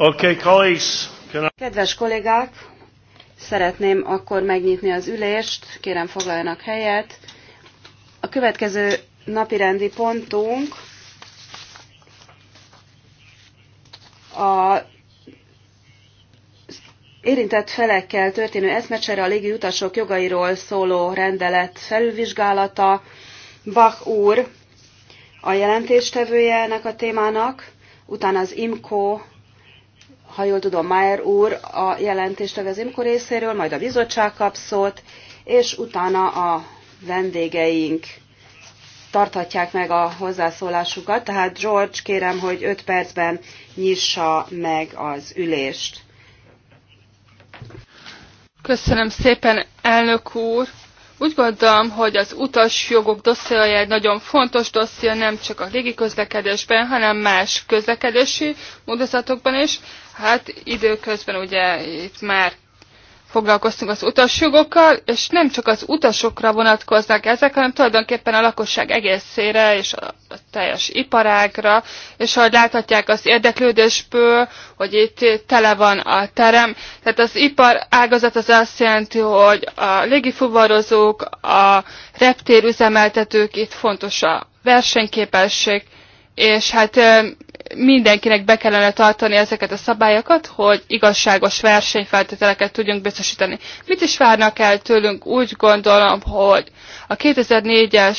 Okay, colleagues. I... Kedves kollégák, szeretném akkor megnyitni az ülést, kérem foglaljanak helyet. A következő napirendi pontunk a érintett felekkel történő eszmecsere a légi utasok jogairól szóló rendelet felülvizsgálata. Bach úr a jelentéstevője ennek a témának, utána az IMCO ha jól tudom, Mayer úr a jelentést az IMKO részéről, majd a bizottság kap szót, és utána a vendégeink tarthatják meg a hozzászólásukat. Tehát George, kérem, hogy 5 percben nyissa meg az ülést. Köszönöm szépen, elnök úr! Úgy gondolom, hogy az utas jogok dossziója egy nagyon fontos dosszia, nem csak a légiközlekedésben, hanem más közlekedési módozatokban is. Hát időközben ugye itt már foglalkoztunk az utasjogokkal, és nem csak az utasokra vonatkoznak ezek, hanem tulajdonképpen a lakosság egészére és a teljes iparágra, és ahogy láthatják az érdeklődésből, hogy itt tele van a terem. Tehát az ipar ágazat az azt jelenti, hogy a légifuvarozók, a reptérüzemeltetők, itt fontos a versenyképesség, és hát mindenkinek be kellene tartani ezeket a szabályokat, hogy igazságos versenyfeltételeket tudjunk biztosítani. Mit is várnak el tőlünk? Úgy gondolom, hogy a 2004-es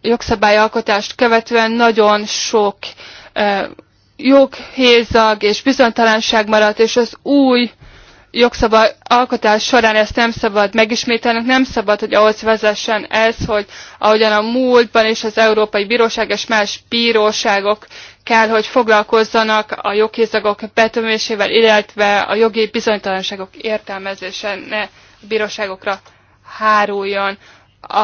jogszabályalkotást követően nagyon sok joghézag és bizonytalanság maradt, és az új jogszabály alkotás során ezt nem szabad megismételnünk, nem szabad, hogy ahhoz vezessen ez, hogy ahogyan a múltban és az Európai Bíróság és más bíróságok kell, hogy foglalkozzanak a jogkézagok betömésével, illetve a jogi bizonytalanságok értelmezése ne a bíróságokra háruljon. A,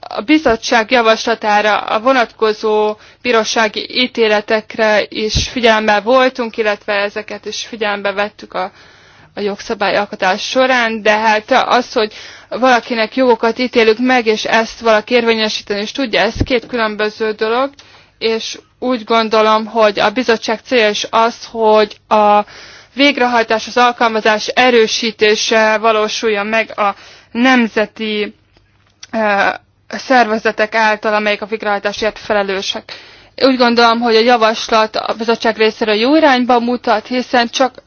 a bizottság javaslatára a vonatkozó bírósági ítéletekre is figyelemmel voltunk, illetve ezeket is figyelembe vettük a a jogszabályalkotás során, de hát az, hogy valakinek jogokat ítélünk meg, és ezt valaki érvényesíteni is tudja, ez két különböző dolog, és úgy gondolom, hogy a bizottság célja is az, hogy a végrehajtás, az alkalmazás erősítése valósuljon meg a nemzeti e, szervezetek által, amelyek a végrehajtásért felelősek. Úgy gondolom, hogy a javaslat a bizottság részéről jó irányba mutat, hiszen csak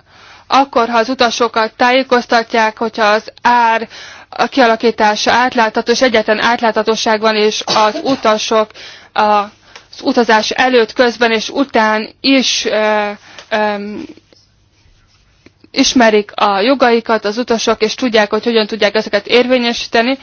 akkor, ha az utasokat tájékoztatják, hogyha az ár a kialakítása átlátható, és egyetlen átláthatóság van, és az utasok a az utazás előtt, közben és után is e, e, ismerik a jogaikat az utasok, és tudják, hogy hogyan tudják ezeket érvényesíteni,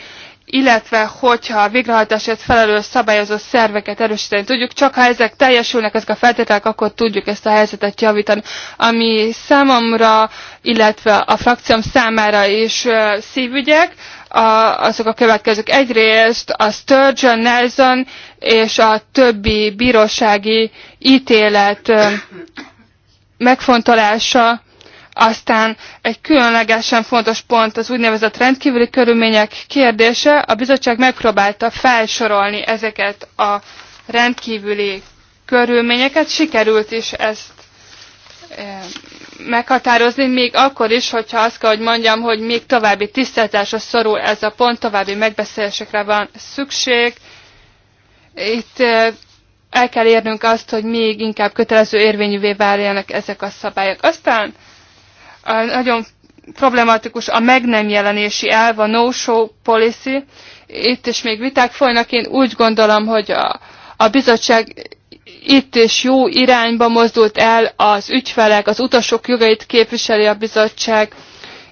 illetve hogyha a végrehajtásért felelős szabályozó szerveket erősíteni tudjuk, csak ha ezek teljesülnek, ezek a feltételek, akkor tudjuk ezt a helyzetet javítani. Ami számomra, illetve a frakcióm számára is szívügyek, a, azok a következők. Egyrészt a Sturgeon, Nelson és a többi bírósági ítélet megfontolása aztán egy különlegesen fontos pont az úgynevezett rendkívüli körülmények kérdése. A bizottság megpróbálta felsorolni ezeket a rendkívüli körülményeket. Sikerült is ezt eh, meghatározni, még akkor is, hogyha azt kell, hogy mondjam, hogy még további tisztázásra szorul ez a pont, további megbeszélésekre van szükség. Itt eh, el kell érnünk azt, hogy még inkább kötelező érvényűvé váljanak ezek a szabályok. Aztán nagyon problematikus a meg nem jelenési elv, a no-show policy. Itt is még viták folynak. Én úgy gondolom, hogy a, a bizottság itt is jó irányba mozdult el, az ügyfelek, az utasok jogait képviseli a bizottság,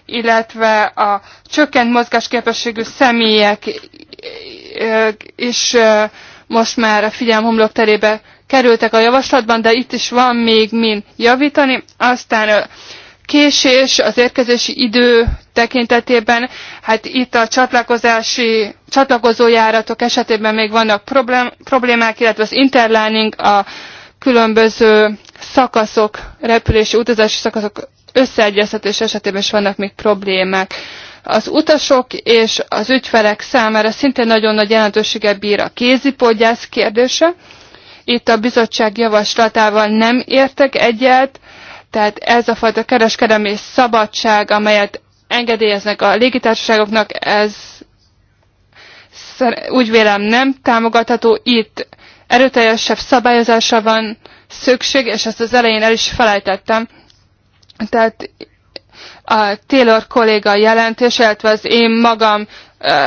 illetve a csökkent mozgásképességű személyek is most már a figyelmhomlok terébe kerültek a javaslatban, de itt is van még min javítani. Aztán késés az érkezési idő tekintetében, hát itt a csatlakozási, csatlakozójáratok esetében még vannak problémák, illetve az interlining, a különböző szakaszok, repülési, utazási szakaszok összeegyeztetés esetében is vannak még problémák. Az utasok és az ügyfelek számára szintén nagyon nagy jelentősége bír a kézipodgyász kérdése. Itt a bizottság javaslatával nem értek egyet, tehát ez a fajta kereskedelmi szabadság, amelyet engedélyeznek a légitársaságoknak, ez úgy vélem nem támogatható. Itt erőteljesebb szabályozásra van szükség, és ezt az elején el is felejtettem. Tehát a Taylor kolléga jelentés, illetve az én magam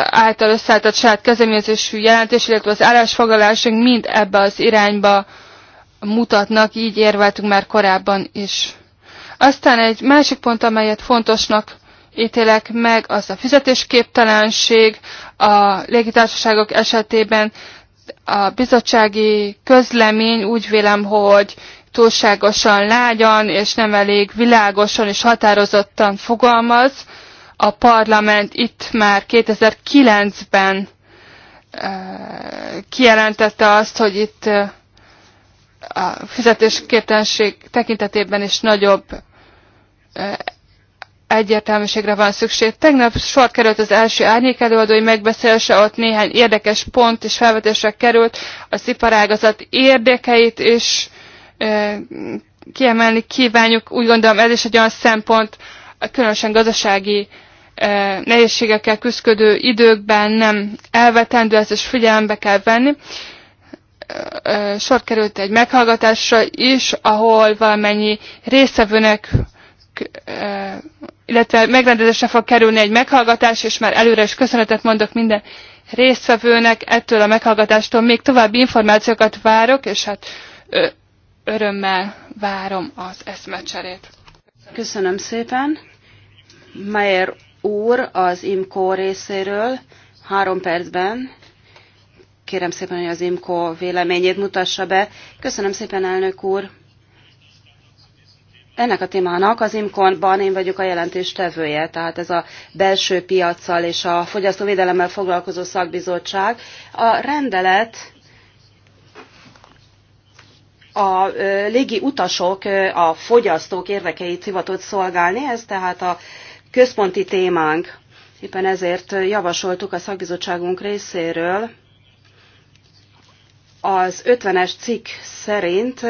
által összeállított saját kezdeményezésű jelentés, illetve az állásfoglalásunk mind ebbe az irányba mutatnak, így érveltünk már korábban is. Aztán egy másik pont, amelyet fontosnak ítélek meg, az a fizetésképtelenség a légitársaságok esetében. A bizottsági közlemény úgy vélem, hogy túlságosan lágyan és nem elég világosan és határozottan fogalmaz. A parlament itt már 2009-ben eh, kijelentette azt, hogy itt eh, a fizetésképtelenség tekintetében is nagyobb egyértelműségre van szükség. Tegnap sor került az első árnyék előadói megbeszélése, ott néhány érdekes pont és felvetésre került, az iparágazat érdekeit is kiemelni kívánjuk. Úgy gondolom ez is egy olyan szempont, különösen gazdasági nehézségekkel küzdködő időkben nem elvetendő, ezt is figyelembe kell venni sor került egy meghallgatásra is, ahol valamennyi részevőnek illetve megrendezésre fog kerülni egy meghallgatás, és már előre is köszönetet mondok minden résztvevőnek ettől a meghallgatástól. Még további információkat várok, és hát örömmel várom az eszmecserét. Köszönöm szépen. Meyer úr az IMCO részéről három percben kérem szépen, hogy az IMCO véleményét mutassa be. Köszönöm szépen, elnök úr! Ennek a témának az imco ban én vagyok a tevője, tehát ez a belső piaccal és a fogyasztóvédelemmel foglalkozó szakbizottság. A rendelet a légi utasok a fogyasztók érdekeit hivatott szolgálni, ez tehát a központi témánk. Éppen ezért javasoltuk a szakbizottságunk részéről, az 50-es cikk szerint,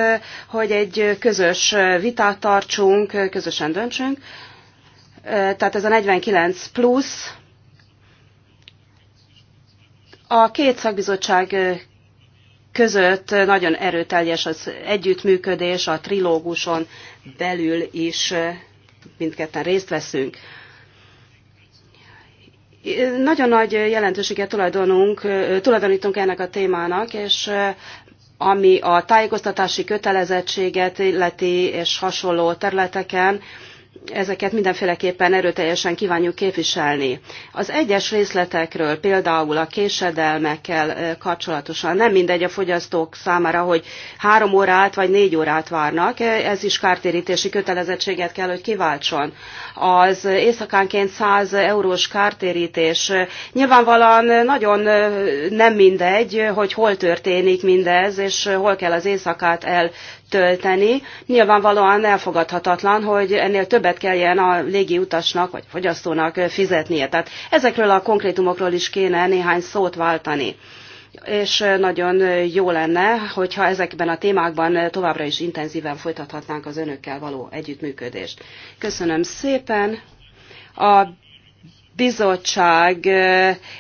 hogy egy közös vitát tartsunk, közösen döntsünk. Tehát ez a 49 plusz. A két szakbizottság között nagyon erőteljes az együttműködés, a trilóguson belül is mindketten részt veszünk. Nagyon nagy jelentőséget tulajdonunk, tulajdonítunk ennek a témának, és eh, ami a tájékoztatási kötelezettséget illeti és hasonló területeken, ezeket mindenféleképpen erőteljesen kívánjuk képviselni. Az egyes részletekről, például a késedelmekkel kapcsolatosan nem mindegy a fogyasztók számára, hogy három órát vagy négy órát várnak, ez is kártérítési kötelezettséget kell, hogy kiváltson. Az éjszakánként 100 eurós kártérítés nyilvánvalóan nagyon nem mindegy, hogy hol történik mindez, és hol kell az éjszakát el tölteni. Nyilvánvalóan elfogadhatatlan, hogy ennél többet kelljen a légi utasnak vagy fogyasztónak fizetnie. Tehát ezekről a konkrétumokról is kéne néhány szót váltani. És nagyon jó lenne, hogyha ezekben a témákban továbbra is intenzíven folytathatnánk az önökkel való együttműködést. Köszönöm szépen! A bizottság.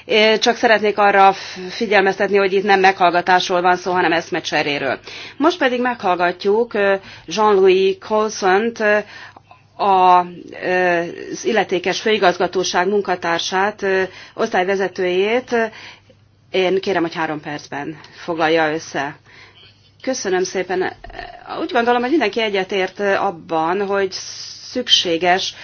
Én csak szeretnék arra figyelmeztetni, hogy itt nem meghallgatásról van szó, hanem eszmecseréről. Most pedig meghallgatjuk Jean-Louis Colson-t, az illetékes főigazgatóság munkatársát, osztályvezetőjét. Én kérem, hogy három percben foglalja össze. Köszönöm szépen. Úgy gondolom, hogy mindenki egyetért abban, hogy szükséges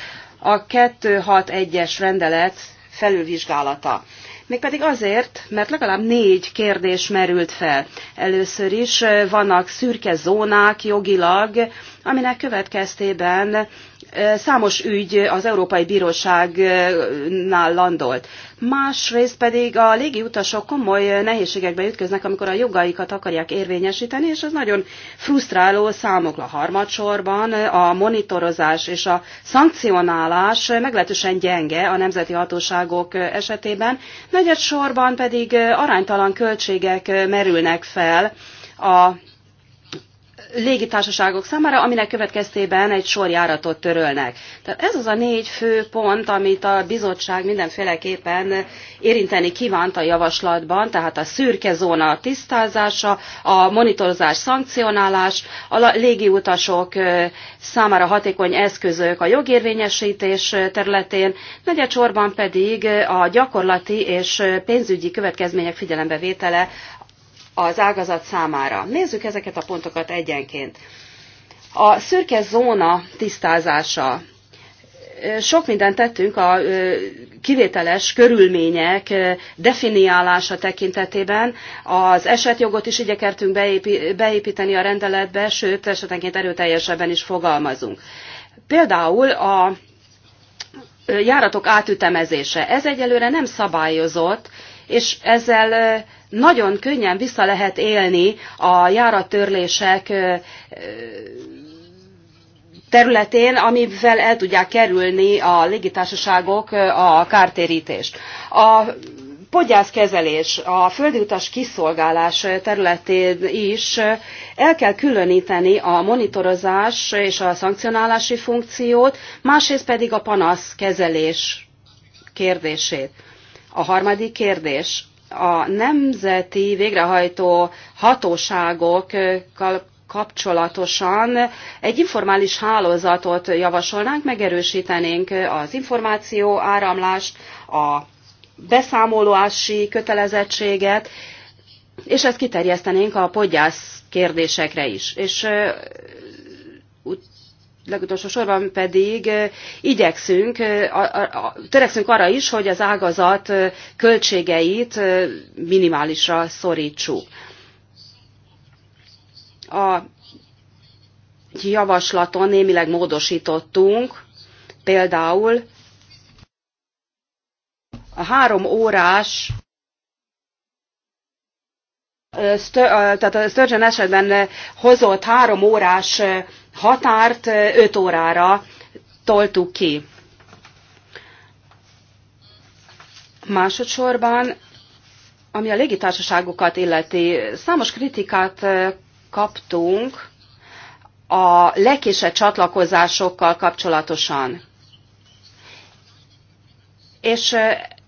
a 261-es rendelet felülvizsgálata. Mégpedig azért, mert legalább négy kérdés merült fel. Először is eh, vannak szürke zónák jogilag, aminek következtében számos ügy az Európai Bíróságnál landolt. Másrészt pedig a utasok komoly nehézségekbe ütköznek, amikor a jogaikat akarják érvényesíteni, és ez nagyon frusztráló számokra. Harmadsorban a monitorozás és a szankcionálás meglehetősen gyenge a nemzeti hatóságok esetében, negyed sorban pedig aránytalan költségek merülnek fel a légitársaságok számára, aminek következtében egy sor járatot törölnek. Tehát ez az a négy fő pont, amit a bizottság mindenféleképpen érinteni kívánt a javaslatban, tehát a szürke zóna tisztázása, a monitorozás szankcionálás, a légiutasok számára hatékony eszközök a jogérvényesítés területén, negyedsorban pedig a gyakorlati és pénzügyi következmények figyelembevétele az ágazat számára. Nézzük ezeket a pontokat egyenként. A szürke zóna tisztázása. Sok mindent tettünk a kivételes körülmények definiálása tekintetében. Az esetjogot is igyekertünk beépíteni a rendeletbe, sőt, esetenként erőteljesebben is fogalmazunk. Például a járatok átütemezése. Ez egyelőre nem szabályozott, és ezzel nagyon könnyen vissza lehet élni a járattörlések területén, amivel el tudják kerülni a légitársaságok a kártérítést. A podgyászkezelés, a földutas kiszolgálás területén is el kell különíteni a monitorozás és a szankcionálási funkciót, másrészt pedig a panaszkezelés kérdését. A harmadik kérdés. A nemzeti végrehajtó hatóságokkal kapcsolatosan egy informális hálózatot javasolnánk, megerősítenénk az információ áramlást, a beszámolási kötelezettséget, és ezt kiterjesztenénk a podgyász kérdésekre is. És legutolsó sorban pedig igyekszünk, törekszünk arra is, hogy az ágazat költségeit minimálisra szorítsuk. A javaslaton némileg módosítottunk, például a három órás tehát a Sturgeon esetben hozott három órás határt 5 órára toltuk ki. Másodszorban, ami a légitársaságokat illeti, számos kritikát kaptunk a lekésett csatlakozásokkal kapcsolatosan. És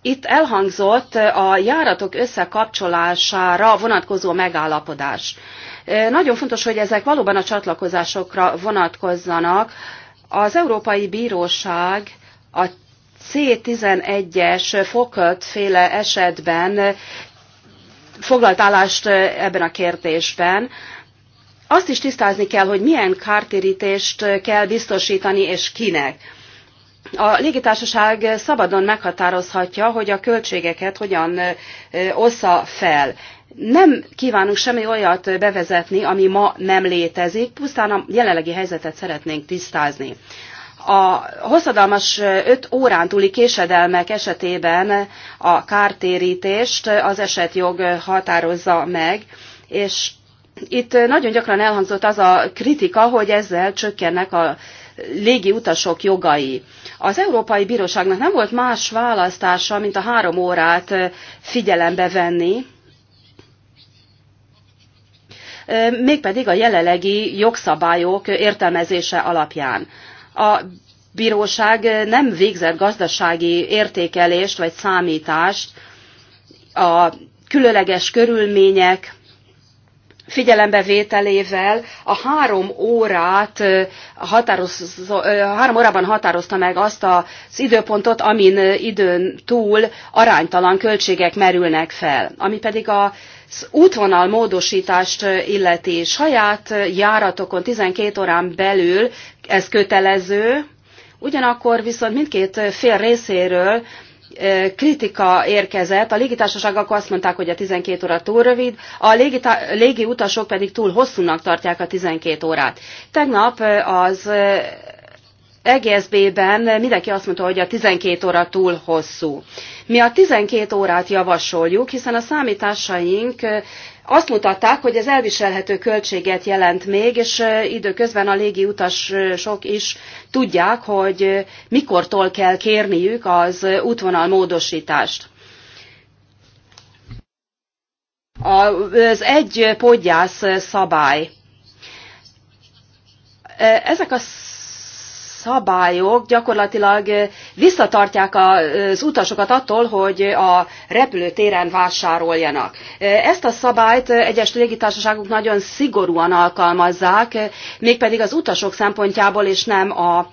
itt elhangzott a járatok összekapcsolására vonatkozó megállapodás. Nagyon fontos, hogy ezek valóban a csatlakozásokra vonatkozzanak. Az Európai Bíróság a C11-es fokot féle esetben foglalt állást ebben a kérdésben. Azt is tisztázni kell, hogy milyen kártérítést kell biztosítani és kinek. A légitársaság szabadon meghatározhatja, hogy a költségeket hogyan ossza fel nem kívánunk semmi olyat bevezetni, ami ma nem létezik, pusztán a jelenlegi helyzetet szeretnénk tisztázni. A hosszadalmas 5 órán túli késedelmek esetében a kártérítést az esetjog határozza meg, és itt nagyon gyakran elhangzott az a kritika, hogy ezzel csökkennek a légi utasok jogai. Az Európai Bíróságnak nem volt más választása, mint a három órát figyelembe venni, mégpedig a jelenlegi jogszabályok értelmezése alapján. A bíróság nem végzett gazdasági értékelést vagy számítást a különleges körülmények figyelembevételével a három órát határoz, három órában határozta meg azt az időpontot, amin időn túl aránytalan költségek merülnek fel. Ami pedig a az útvonal módosítást illeti saját járatokon 12 órán belül ez kötelező, ugyanakkor viszont mindkét fél részéről kritika érkezett. A légitársaságok azt mondták, hogy a 12 óra túl rövid, a légi utasok pedig túl hosszúnak tartják a 12 órát. Tegnap az EGSB-ben mindenki azt mondta, hogy a 12 óra túl hosszú. Mi a 12 órát javasoljuk, hiszen a számításaink azt mutatták, hogy ez elviselhető költséget jelent még, és időközben a légi utasok is tudják, hogy mikortól kell kérniük az útvonal módosítást. Az egy podgyász szabály. Ezek a szabályok gyakorlatilag visszatartják az utasokat attól, hogy a repülőtéren vásároljanak. Ezt a szabályt egyes légitársaságok nagyon szigorúan alkalmazzák, mégpedig az utasok szempontjából és nem a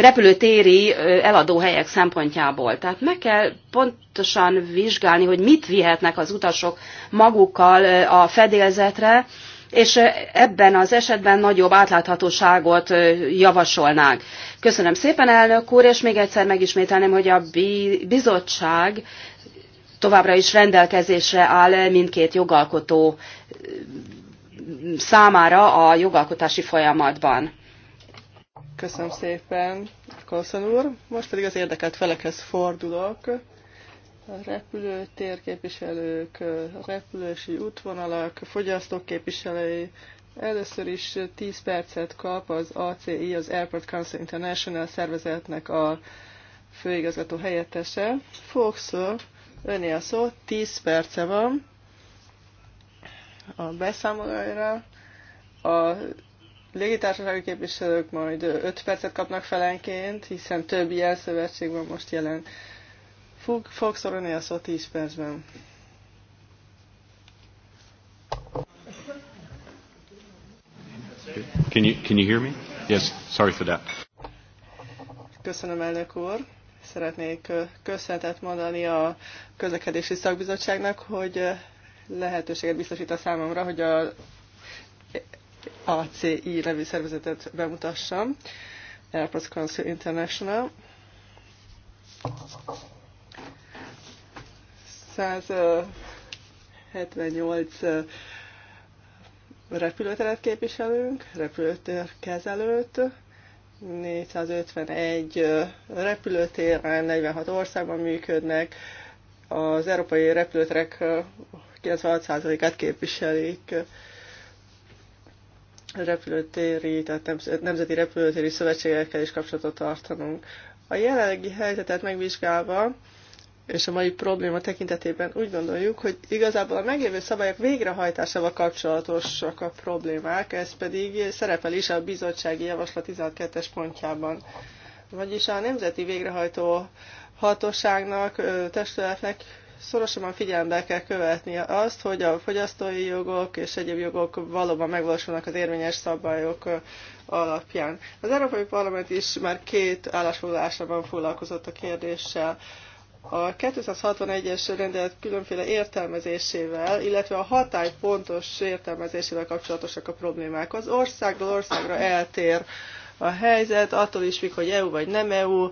repülőtéri eladóhelyek szempontjából. Tehát meg kell pontosan vizsgálni, hogy mit vihetnek az utasok magukkal a fedélzetre, és ebben az esetben nagyobb átláthatóságot javasolnánk. Köszönöm szépen, elnök úr, és még egyszer megismételném, hogy a bizottság továbbra is rendelkezésre áll mindkét jogalkotó számára a jogalkotási folyamatban. Köszönöm szépen, Kolszon úr. Most pedig az érdekelt felekhez fordulok repülőtérképviselők, repülősi útvonalak, fogyasztók képviselői. Először is 10 percet kap az ACI, az Airport Council International szervezetnek a főigazgató helyettese. Fox, öné a szó, 10 perce van a beszámolóira. A légitársasági képviselők majd 5 percet kapnak felenként, hiszen több ilyen szövetség van most jelen Fog, fog szorulni a szó 10 percben. Can you, can you hear me? Yes, sorry for that. Köszönöm, elnök úr. Szeretnék köszönetet mondani a közlekedési szakbizottságnak, hogy lehetőséget biztosít a számomra, hogy a ACI nevű szervezetet bemutassam, Airports Council International. 178 repülőteret képviselünk, repülőtér kezelőt, 451 repülőtéren, 46 országban működnek, az európai repülőterek 96%-át képviselik repülőtéri, tehát nemzeti repülőtéri szövetségekkel is kapcsolatot tartanunk. A jelenlegi helyzetet megvizsgálva és a mai probléma tekintetében úgy gondoljuk, hogy igazából a meglévő szabályok végrehajtásával kapcsolatosak a problémák, ez pedig szerepel is a bizottsági javaslat 12-es pontjában. Vagyis a nemzeti végrehajtó hatóságnak, testületnek szorosabban figyelembe kell követnie azt, hogy a fogyasztói jogok és egyéb jogok valóban megvalósulnak az érvényes szabályok alapján. Az Európai Parlament is már két állásfoglalásában foglalkozott a kérdéssel a 261-es rendelet különféle értelmezésével, illetve a hatály pontos értelmezésével kapcsolatosak a problémák. Az országról országra eltér a helyzet, attól is függ, hogy EU vagy nem EU,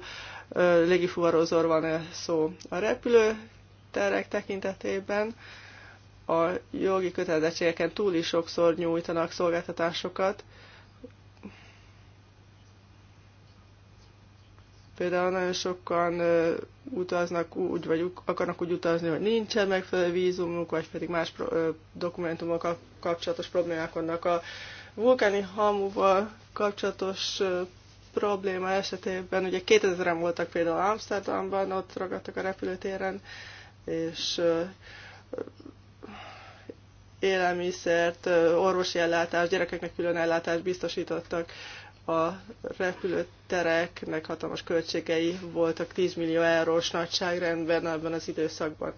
légifuvarozor van -e szó a repülőterek tekintetében. A jogi kötelezettségeken túl is sokszor nyújtanak szolgáltatásokat, Például nagyon sokan utaznak úgy, vagy akarnak úgy utazni, hogy nincsen megfelelő vízumuk, vagy pedig más dokumentumokkal kapcsolatos problémák vannak. A vulkáni hamuval kapcsolatos probléma esetében, ugye 2000-en voltak például Amsterdamban, ott ragadtak a repülőtéren, és élelmiszert, orvosi ellátást, gyerekeknek külön ellátást biztosítottak a repülőtereknek hatalmas költségei voltak 10 millió eurós nagyságrendben ebben az időszakban.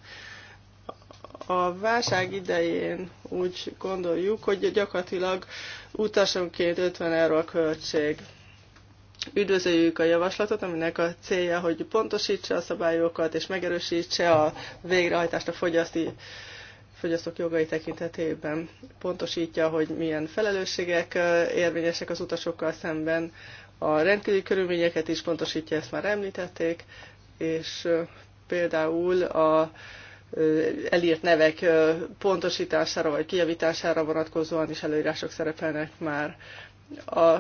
A válság idején úgy gondoljuk, hogy gyakorlatilag utasonként 50 euró a költség. Üdvözöljük a javaslatot, aminek a célja, hogy pontosítsa a szabályokat és megerősítse a végrehajtást a fogyasztói fogyasztók jogai tekintetében. Pontosítja, hogy milyen felelősségek érvényesek az utasokkal szemben, a rendkívüli körülményeket is pontosítja, ezt már említették, és például a elírt nevek pontosítására vagy kijavítására vonatkozóan is előírások szerepelnek már. A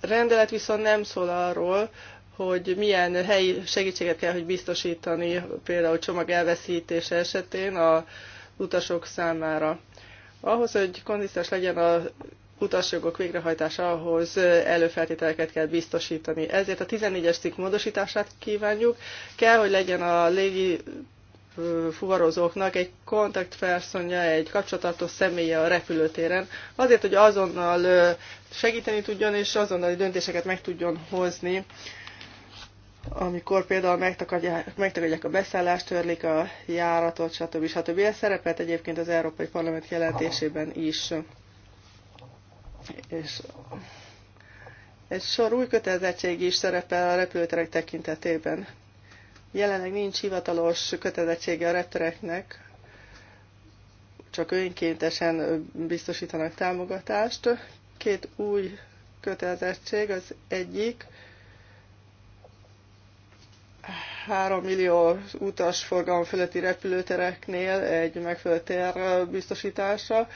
rendelet viszont nem szól arról, hogy milyen helyi segítséget kell, hogy biztosítani, például csomag elveszítése esetén a utasok számára. Ahhoz, hogy konzisztens legyen a utasjogok végrehajtása, ahhoz előfeltételeket kell biztosítani. Ezért a 14-es cikk módosítását kívánjuk. Kell, hogy legyen a légi fuvarozóknak egy kontaktpersonja, egy kapcsolatartó személye a repülőtéren, azért, hogy azonnal segíteni tudjon és azonnali döntéseket meg tudjon hozni amikor például megtakadják, megtakadják a beszállást, törlik a járatot, stb. stb. Ez szerepelt egyébként az Európai Parlament jelentésében is. És egy sor új kötelezettség is szerepel a repülőterek tekintetében. Jelenleg nincs hivatalos kötelezettsége a reptereknek, csak önkéntesen biztosítanak támogatást. Két új kötelezettség, az egyik 3 millió utas forgalom fölötti repülőtereknél egy megfelelő tér biztosítása.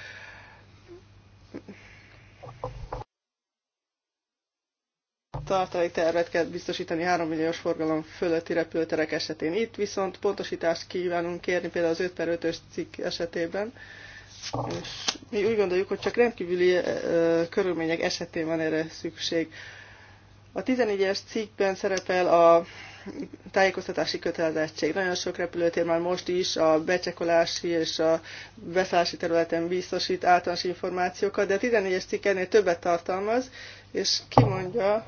Tartalék tervet kell biztosítani 3 milliós forgalom fölötti repülőterek esetén. Itt viszont pontosítást kívánunk kérni például az 5 per 5-ös cikk esetében. És mi úgy gondoljuk, hogy csak rendkívüli ö, körülmények esetén van erre szükség. A 14-es cikkben szerepel a tájékoztatási kötelezettség. Nagyon sok repülőtér már most is a becsekolási és a beszállási területen biztosít általános információkat, de a 14-es cikkernél többet tartalmaz, és kimondja,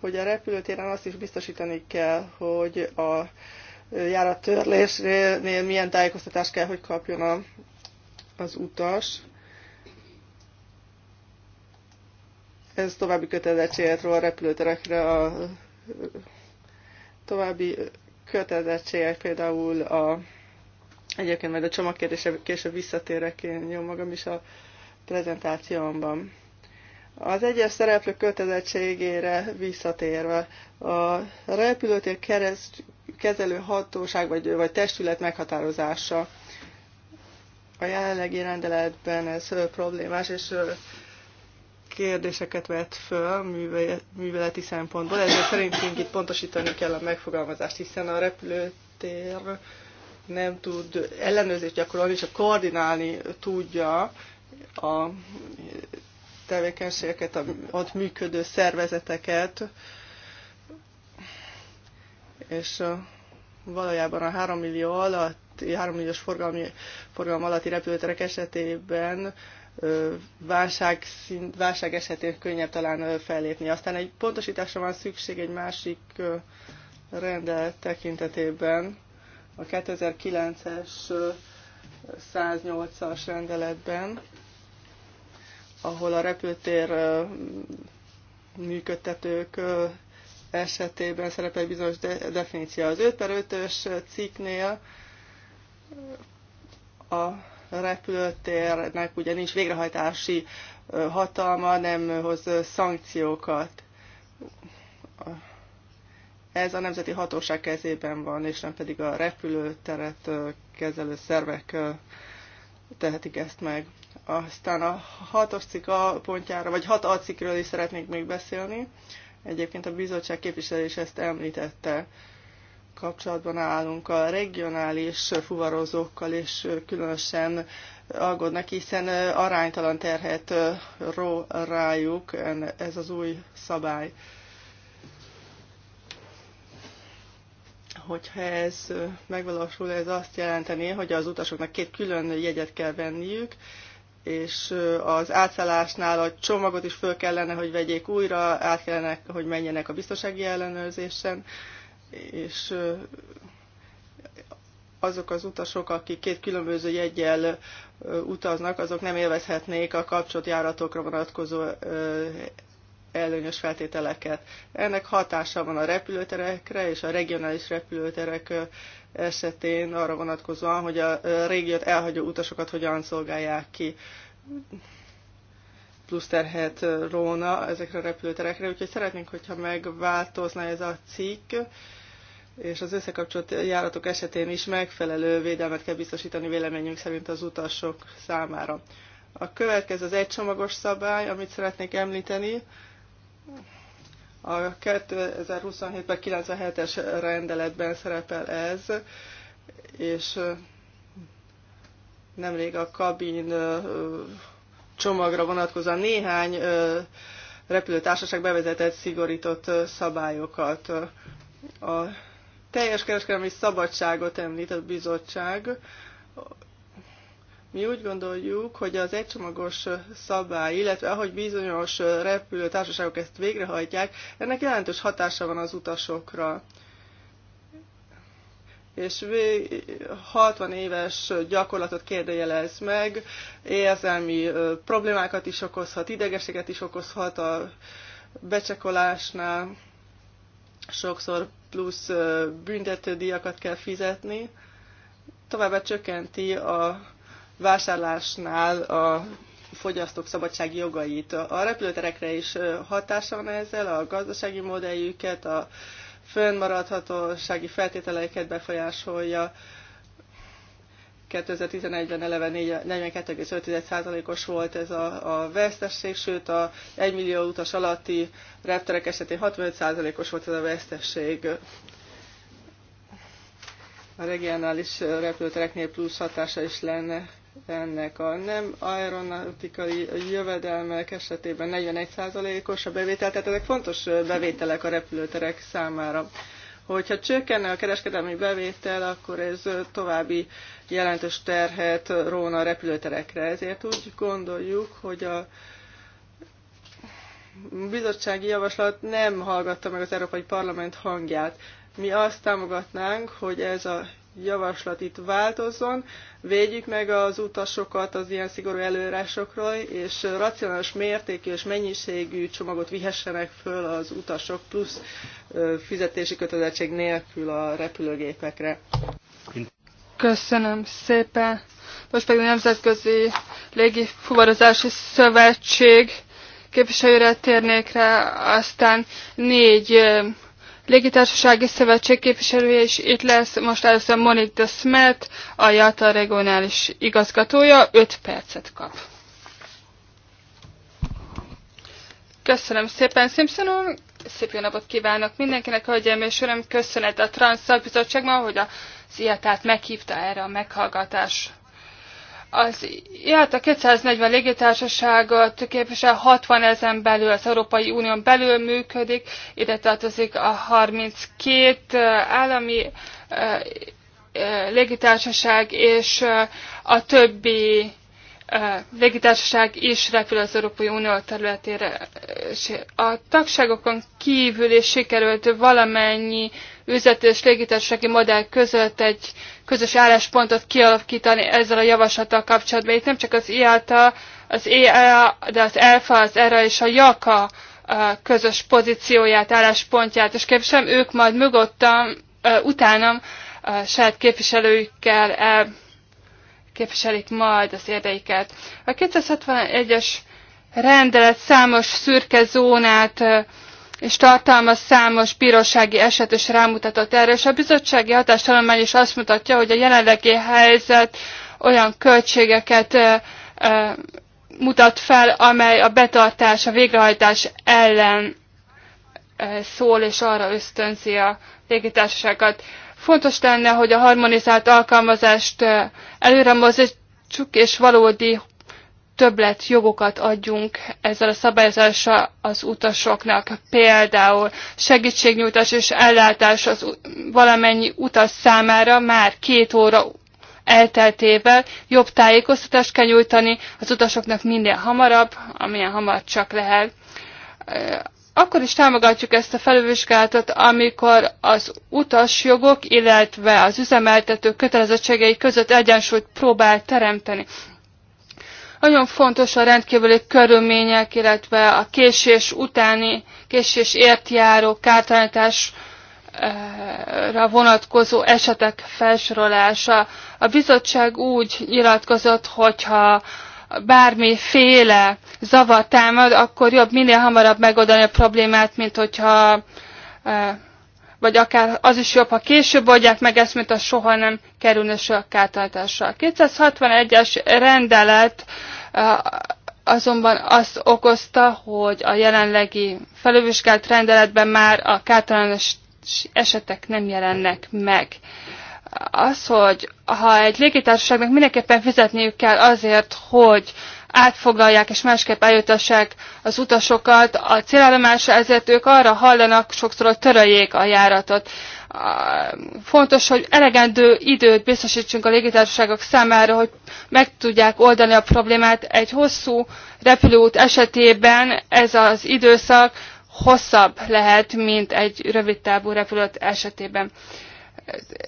hogy a repülőtéren azt is biztosítani kell, hogy a járattörlésnél milyen tájékoztatást kell, hogy kapjon a, az utas. Ez további kötelezettséget ról a repülőterekre a További kötelezettségek például a Egyébként majd a csomagkérdésre később visszatérek én jó magam is a prezentációmban. Az egyes szereplők kötelezettségére visszatérve, a repülőtér kereszt, kezelő hatóság vagy, vagy testület meghatározása. A jelenlegi rendeletben ez problémás, és kérdéseket vett föl műveleti szempontból, ezért szerintünk itt pontosítani kell a megfogalmazást, hiszen a repülőtér nem tud ellenőrzést gyakorolni, csak koordinálni tudja a tevékenységeket, a ott működő szervezeteket, és valójában a 3 millió alatt, 3 milliós forgalmi, forgalom alatti repülőterek esetében válság, szint, válság esetén könnyebb talán fellépni. Aztán egy pontosításra van szükség egy másik rendel tekintetében. A 2009-es 108-as rendeletben, ahol a repültér működtetők esetében szerepel egy bizonyos de- definíció. Az 5 per 5-ös cikknél a repülőtérnek ugyanis végrehajtási hatalma nem hoz szankciókat. Ez a nemzeti hatóság kezében van, és nem pedig a repülőteret kezelő szervek tehetik ezt meg. Aztán a hatos cikk a pontjára, vagy hat alcikről is szeretnék még beszélni. Egyébként a bizottság képviselés ezt említette kapcsolatban állunk a regionális fuvarozókkal, és különösen aggódnak, hiszen aránytalan terhet ró rájuk ez az új szabály. Hogyha ez megvalósul, ez azt jelenteni, hogy az utasoknak két külön jegyet kell venniük, és az átszállásnál a csomagot is föl kellene, hogy vegyék újra, át kellene, hogy menjenek a biztonsági ellenőrzésen, és azok az utasok, akik két különböző jegyel utaznak, azok nem élvezhetnék a kapcsolt járatokra vonatkozó előnyös feltételeket. Ennek hatása van a repülőterekre és a regionális repülőterek esetén arra vonatkozóan, hogy a régiót elhagyó utasokat hogyan szolgálják ki plusz terhet róna ezekre a repülőterekre, úgyhogy szeretnénk, hogyha megváltozna ez a cikk, és az összekapcsolt járatok esetén is megfelelő védelmet kell biztosítani véleményünk szerint az utasok számára. A következő az egycsomagos szabály, amit szeretnék említeni. A 2027-ben 97-es rendeletben szerepel ez, és nemrég a kabin csomagra vonatkozóan néhány repülőtársaság bevezetett szigorított szabályokat. A teljes kereskedelmi szabadságot említ a bizottság. Mi úgy gondoljuk, hogy az egycsomagos szabály, illetve ahogy bizonyos repülőtársaságok ezt végrehajtják, ennek jelentős hatása van az utasokra és 60 éves gyakorlatot kérdőjelez meg, érzelmi problémákat is okozhat, idegességet is okozhat a becsekolásnál, sokszor plusz büntetődíjakat kell fizetni. Továbbá csökkenti a vásárlásnál a fogyasztók szabadsági jogait. A repülőterekre is hatása van ezzel, a gazdasági modelljüket, a fönnmaradhatósági feltételeiket befolyásolja, 2011-ben eleve 42,5%-os volt ez a, a vesztesség, sőt a 1 millió utas alatti repterek esetén 65%-os volt ez a vesztesség. A regionális repülőtereknél plusz hatása is lenne ennek a nem aeronautikai jövedelmek esetében 41%-os a bevétel, tehát ezek fontos bevételek a repülőterek számára. Hogyha csökkenne a kereskedelmi bevétel, akkor ez további jelentős terhet róna a repülőterekre. Ezért úgy gondoljuk, hogy a bizottsági javaslat nem hallgatta meg az Európai Parlament hangját. Mi azt támogatnánk, hogy ez a javaslat itt változzon, védjük meg az utasokat az ilyen szigorú előírásokról, és racionális mértékű és mennyiségű csomagot vihessenek föl az utasok, plusz fizetési kötelezettség nélkül a repülőgépekre. Köszönöm szépen. Most pedig a Nemzetközi Légi Fuvarozási Szövetség képviselőre térnék rá, aztán négy Légitársasági Szövetség képviselője is itt lesz, most először Monique de Smet, a JATA regionális igazgatója, 5 percet kap. Köszönöm szépen, Simpson úr! Szép jó napot kívánok mindenkinek, hölgyeim és uram! Köszönet a Transz szakbizottságban, hogy a Sziatát meghívta erre a meghallgatásra az IATA hát a 240 légitársaságot képvisel 60 ezen belül, az Európai Unión belül működik, ide tartozik a 32 állami légitársaság, és a többi légitársaság is repül az Európai Unió területére. A tagságokon kívül is sikerült valamennyi üzleti és légitársasági modell között egy közös álláspontot kialakítani ezzel a javaslattal kapcsolatban. Itt nem csak az IATA, az EA, de az ELFA, az ERA és a JAKA közös pozícióját, álláspontját, és képviselem, ők majd mögöttem, utánam saját képviselőikkel képviselik majd az érdeiket. A 261-es rendelet számos szürke zónát és tartalmaz számos bírósági eset is rámutatott erre, és a bizottsági hatástalomány is azt mutatja, hogy a jelenlegi helyzet olyan költségeket e, e, mutat fel, amely a betartás, a végrehajtás ellen e, szól, és arra ösztönzi a légitársaságokat. Fontos lenne, hogy a harmonizált alkalmazást előre mozítsuk, és valódi többlet jogokat adjunk ezzel a szabályozással az utasoknak, például segítségnyújtás és ellátás az valamennyi utas számára már két óra elteltével jobb tájékoztatást kell nyújtani az utasoknak minden hamarabb, amilyen hamar csak lehet. Akkor is támogatjuk ezt a felülvizsgálatot, amikor az utasjogok, illetve az üzemeltető kötelezettségei között egyensúlyt próbál teremteni. Nagyon fontos a rendkívüli körülmények, illetve a késés utáni, késés ért járó kártalanításra vonatkozó esetek felsorolása. A bizottság úgy nyilatkozott, hogyha bármiféle zavar támad, akkor jobb minél hamarabb megoldani a problémát, mint hogyha eh, vagy akár az is jobb, ha később oldják meg ezt, mint a soha nem kerülne a kártartásra. 261-es rendelet azonban azt okozta, hogy a jelenlegi felülvizsgált rendeletben már a kártalanos esetek nem jelennek meg. Az, hogy ha egy légitársaságnak mindenképpen fizetniük kell azért, hogy átfoglalják és másképp eljutassák az utasokat a célállomásra, ezért ők arra hallanak sokszor, hogy töröljék a járatot. Fontos, hogy elegendő időt biztosítsunk a légitársaságok számára, hogy meg tudják oldani a problémát. Egy hosszú repülőút esetében ez az időszak hosszabb lehet, mint egy rövid távú repülőt esetében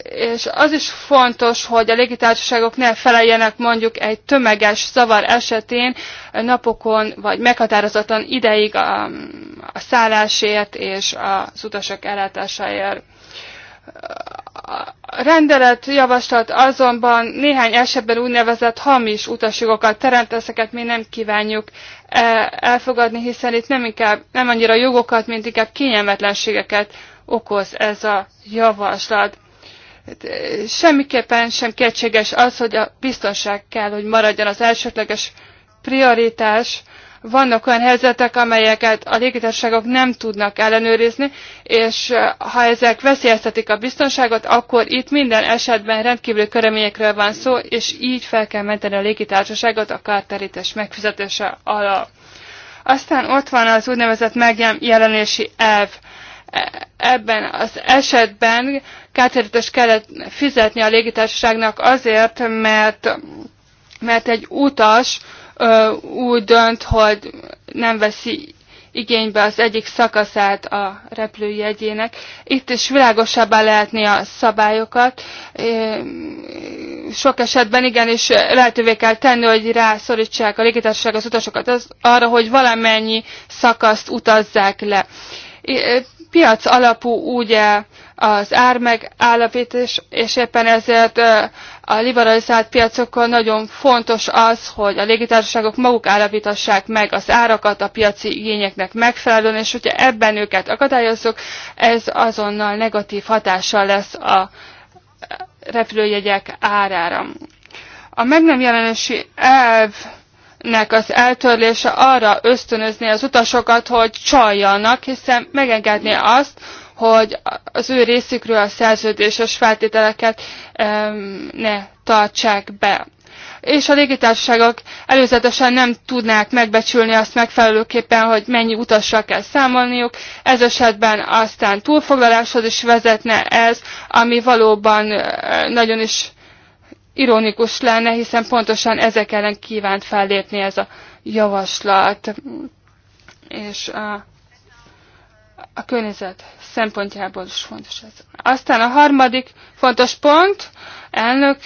és az is fontos, hogy a légitársaságok ne feleljenek mondjuk egy tömeges zavar esetén napokon vagy meghatározatlan ideig a, a szállásért és az utasok ellátásáért. A rendelet javaslat azonban néhány esetben úgynevezett hamis utasjogokat teremt, ezeket mi nem kívánjuk e, elfogadni, hiszen itt nem, inkább, nem annyira jogokat, mint inkább kényelmetlenségeket okoz ez a javaslat. Hát, eh, semmiképpen sem kétséges az, hogy a biztonság kell, hogy maradjon az elsődleges prioritás. Vannak olyan helyzetek, amelyeket a légitársaságok nem tudnak ellenőrizni, és eh, ha ezek veszélyeztetik a biztonságot, akkor itt minden esetben rendkívüli körülményekről van szó, és így fel kell menteni a légitársaságot a kárterítés megfizetése alá. Aztán ott van az úgynevezett megjelenési elv ebben az esetben kártérítést kellett fizetni a légitársaságnak azért, mert, mert egy utas ö, úgy dönt, hogy nem veszi igénybe az egyik szakaszát a repülőjegyének. Itt is világosabbá lehetni a szabályokat. Sok esetben igenis lehetővé kell tenni, hogy rászorítsák a légitársaság az utasokat az, arra, hogy valamennyi szakaszt utazzák le piac alapú ugye az ár megállapítás, és éppen ezért a liberalizált piacokon nagyon fontos az, hogy a légitársaságok maguk állapítassák meg az árakat a piaci igényeknek megfelelően, és hogyha ebben őket akadályozzuk, ez azonnal negatív hatással lesz a repülőjegyek árára. A meg nem jelenési elv nek az eltörlése arra ösztönözni az utasokat, hogy csaljanak, hiszen megengedné azt, hogy az ő részükről a szerződéses feltételeket um, ne tartsák be. És a légitársaságok előzetesen nem tudnák megbecsülni azt megfelelőképpen, hogy mennyi utasra kell számolniuk. Ez esetben aztán túlfoglaláshoz is vezetne ez, ami valóban eh, nagyon is ironikus lenne, hiszen pontosan ezek ellen kívánt fellépni ez a javaslat. És a, a környezet szempontjából is fontos ez. Aztán a harmadik fontos pont, elnök,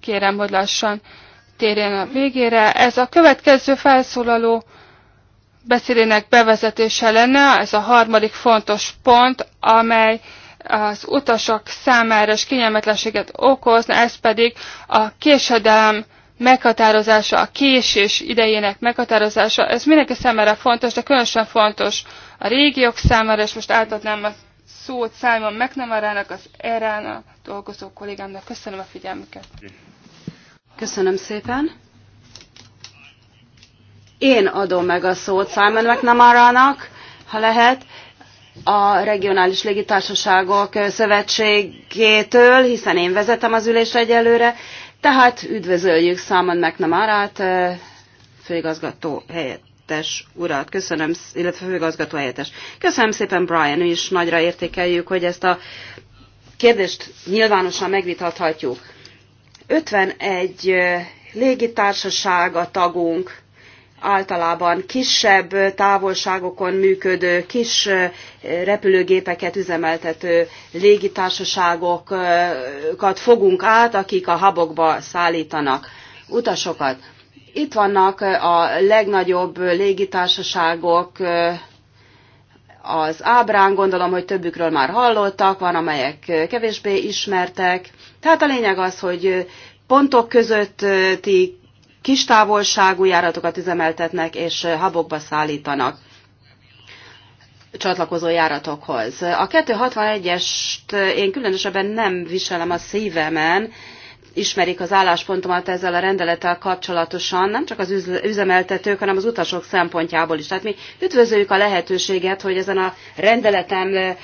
kérem, hogy lassan térjen a végére. Ez a következő felszólaló beszédének bevezetése lenne, ez a harmadik fontos pont, amely az utasok számára is kényelmetlenséget okozna, ez pedig a késedelem meghatározása, a késés idejének meghatározása, ez mindenki számára fontos, de különösen fontos a régiók számára, és most átadnám a szót Simon McNamara-nak, az erán a dolgozó kollégámnak. Köszönöm a figyelmüket. Köszönöm szépen. Én adom meg a szót Simon McNamara-nak, ha lehet, a regionális légitársaságok szövetségétől, hiszen én vezetem az ülést egyelőre, tehát üdvözöljük Simon McNamara-t, főigazgató helyettes urat, köszönöm, illetve főigazgató helyettes. Köszönöm szépen Brian, és nagyra értékeljük, hogy ezt a kérdést nyilvánosan megvitathatjuk. 51 légitársaság a tagunk, általában kisebb távolságokon működő, kis eh, repülőgépeket üzemeltető légitársaságokat fogunk át, akik a habokba szállítanak utasokat. Itt vannak eh, a legnagyobb légitársaságok, eh, az ábrán, gondolom, hogy többükről már hallottak, van amelyek kevésbé ismertek. Tehát a lényeg az, hogy pontok közötti kis távolságú járatokat üzemeltetnek és habokba szállítanak csatlakozó járatokhoz. A 261-est én különösebben nem viselem a szívemen, ismerik az álláspontomat ezzel a rendelettel kapcsolatosan, nem csak az üzemeltetők, hanem az utasok szempontjából is. Tehát mi üdvözöljük a lehetőséget, hogy ezen a rendeleten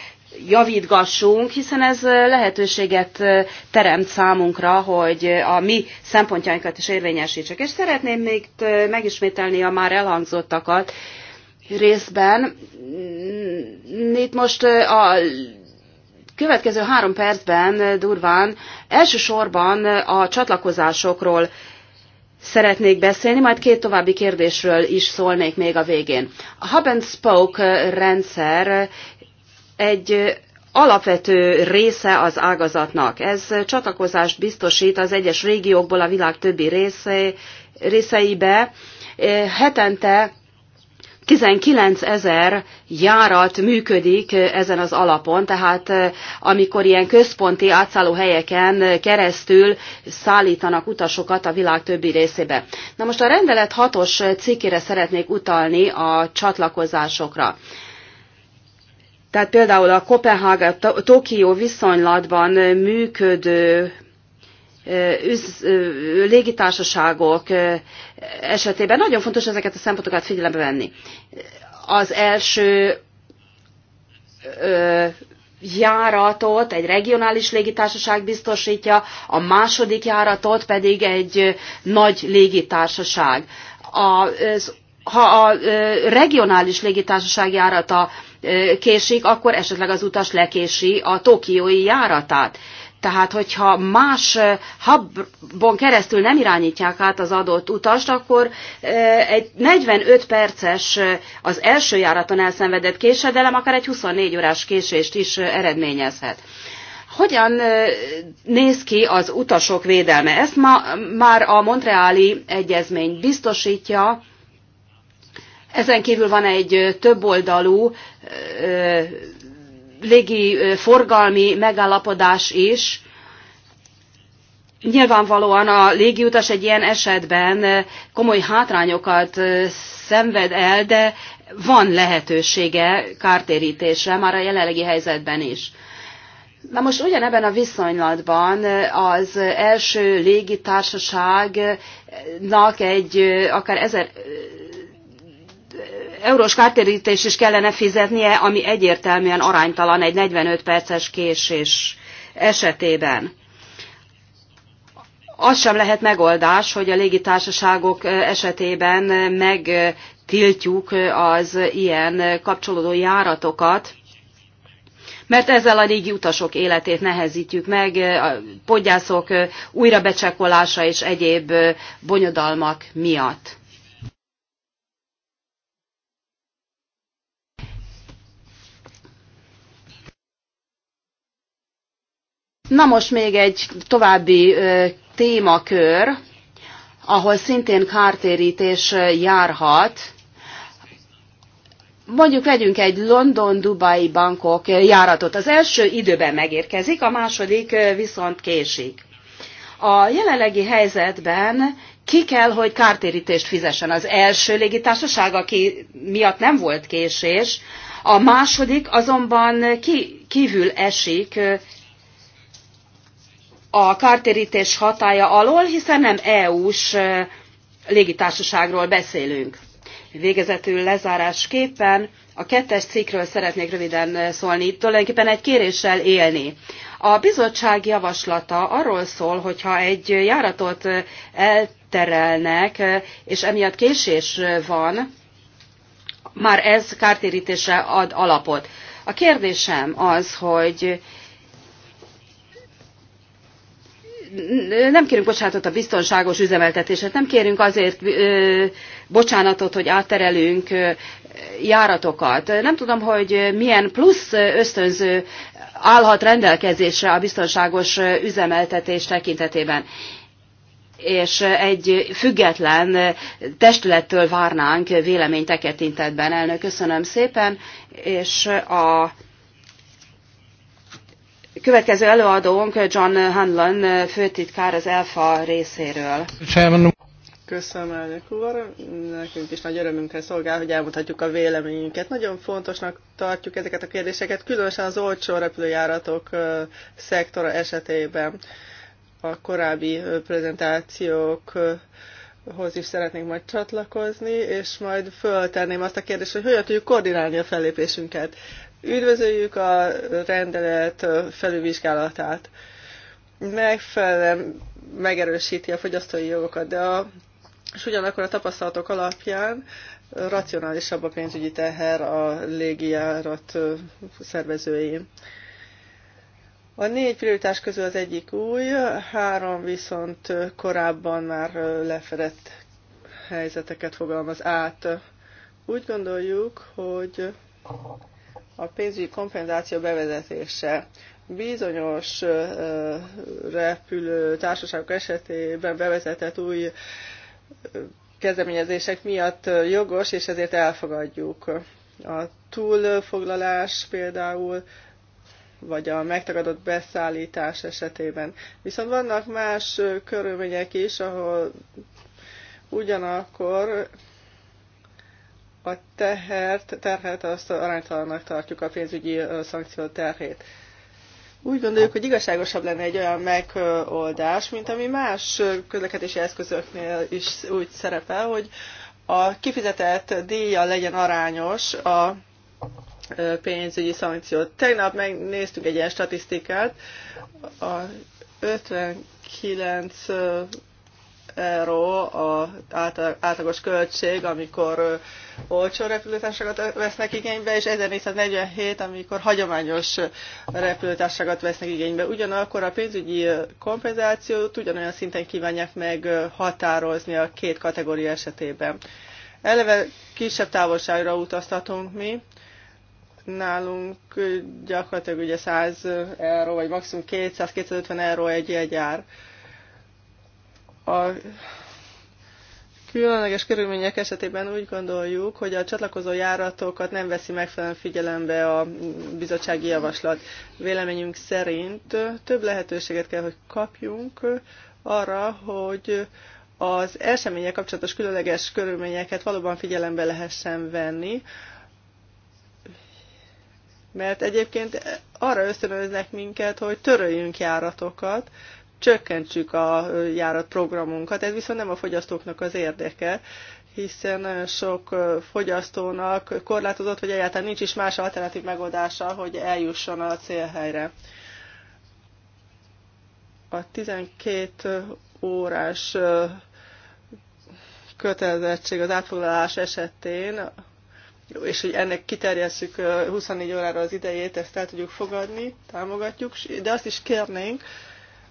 javítgassunk, hiszen ez lehetőséget teremt számunkra, hogy a mi szempontjainkat is érvényesítsek. És szeretném még megismételni a már elhangzottakat részben. Mm, itt most a következő három percben durván elsősorban a csatlakozásokról szeretnék beszélni, majd két további kérdésről is szólnék még a végén. A hub and spoke rendszer egy alapvető része az ágazatnak. Ez csatlakozást biztosít az egyes régiókból a világ többi része, részeibe. Hetente 19 ezer járat működik ezen az alapon, tehát amikor ilyen központi átszálló helyeken keresztül szállítanak utasokat a világ többi részébe. Na most a rendelet hatos cikkére szeretnék utalni a csatlakozásokra. Tehát például a Kopenhága, Tokió viszonylatban működő üz, légitársaságok esetében nagyon fontos ezeket a szempontokat figyelembe venni. Az első járatot egy regionális légitársaság biztosítja, a második járatot pedig egy nagy légitársaság. A, ha a regionális légitársaság járata késik, akkor esetleg az utas lekési a tokiói járatát. Tehát, hogyha más hubbon keresztül nem irányítják át az adott utast, akkor egy 45 perces az első járaton elszenvedett késedelem akár egy 24 órás késést is eredményezhet. Hogyan néz ki az utasok védelme? Ezt ma, már a Montreali Egyezmény biztosítja, ezen kívül van egy többoldalú légi forgalmi megállapodás is. Nyilvánvalóan a légiutas egy ilyen esetben komoly hátrányokat szenved el, de van lehetősége kártérítésre már a jelenlegi helyzetben is. Na most ugyanebben a viszonylatban az első légitársaságnak egy akár ezer eurós kártértést is kellene fizetnie, ami egyértelműen aránytalan egy 45 perces késés esetében. Az sem lehet megoldás, hogy a légitársaságok esetében megtiltjuk az ilyen kapcsolódó járatokat, mert ezzel a régi utasok életét nehezítjük meg, a podgyászok újrabecsekolása és egyéb bonyodalmak miatt. Na most még egy további témakör, ahol szintén kártérítés járhat. Mondjuk vegyünk egy London-Dubai bankok járatot. Az első időben megérkezik, a második viszont késik. A jelenlegi helyzetben ki kell, hogy kártérítést fizessen az első légitársaság, aki miatt nem volt késés, a második azonban ki, kívül esik a kártérítés hatája alól, hiszen nem EU-s légitársaságról beszélünk. Végezetül lezárásképpen a kettes cikkről szeretnék röviden szólni, Itt tulajdonképpen egy kéréssel élni. A bizottság javaslata arról szól, hogyha egy járatot elterelnek, és emiatt késés van, már ez kártérítésre ad alapot. A kérdésem az, hogy nem kérünk bocsánatot a biztonságos üzemeltetésért, nem kérünk azért bocsánatot, hogy átterelünk járatokat. Nem tudom, hogy milyen plusz ösztönző állhat rendelkezésre a biztonságos üzemeltetés tekintetében és egy független testülettől várnánk véleményt e tekintetben. Elnök, köszönöm szépen, és a Következő előadónk John Hanlon főtitkár az ELFA részéről. Köszönöm, elnök úr. Nekünk is nagy örömünkre szolgál, hogy elmutatjuk a véleményünket. Nagyon fontosnak tartjuk ezeket a kérdéseket, különösen az olcsó repülőjáratok szektora esetében. A korábbi prezentációk hoz is szeretnék majd csatlakozni, és majd föltenném azt a kérdést, hogy hogyan tudjuk koordinálni a fellépésünket. Üdvözöljük a rendelet felülvizsgálatát. Megfelelően megerősíti a fogyasztói jogokat, de a, és ugyanakkor a tapasztalatok alapján racionálisabb a pénzügyi teher a légijárat szervezői. A négy prioritás közül az egyik új, három viszont korábban már lefedett helyzeteket fogalmaz át. Úgy gondoljuk, hogy a pénzügyi kompenzáció bevezetése. Bizonyos repülő társaságok esetében bevezetett új kezdeményezések miatt jogos, és ezért elfogadjuk. A túlfoglalás például, vagy a megtagadott beszállítás esetében. Viszont vannak más körülmények is, ahol ugyanakkor a tehert, terhet azt aránytalannak tartjuk a pénzügyi szankció terhét. Úgy gondoljuk, hogy igazságosabb lenne egy olyan megoldás, mint ami más közlekedési eszközöknél is úgy szerepel, hogy a kifizetett díja legyen arányos a pénzügyi szankciót. Tegnap megnéztük egy ilyen statisztikát, a 59 euró az átlagos költség, amikor olcsó repülőtársakat vesznek igénybe, és 1447, amikor hagyományos repülőtársakat vesznek igénybe. Ugyanakkor a pénzügyi kompenzációt ugyanolyan szinten kívánják meghatározni a két kategória esetében. Eleve kisebb távolságra utaztatunk mi, nálunk gyakorlatilag ugye 100 euró, vagy maximum 200-250 euró egy jegyár. ár a különleges körülmények esetében úgy gondoljuk, hogy a csatlakozó járatokat nem veszi megfelelően figyelembe a bizottsági javaslat. Véleményünk szerint több lehetőséget kell, hogy kapjunk arra, hogy az események kapcsolatos különleges körülményeket valóban figyelembe lehessen venni, mert egyébként arra ösztönöznek minket, hogy töröljünk járatokat, csökkentsük a járatprogramunkat. Ez viszont nem a fogyasztóknak az érdeke, hiszen sok fogyasztónak korlátozott, vagy egyáltalán nincs is más alternatív megoldása, hogy eljusson a célhelyre. A 12 órás kötelezettség az átfoglalás esetén, és hogy ennek kiterjesszük 24 órára az idejét, ezt el tudjuk fogadni, támogatjuk, de azt is kérnénk,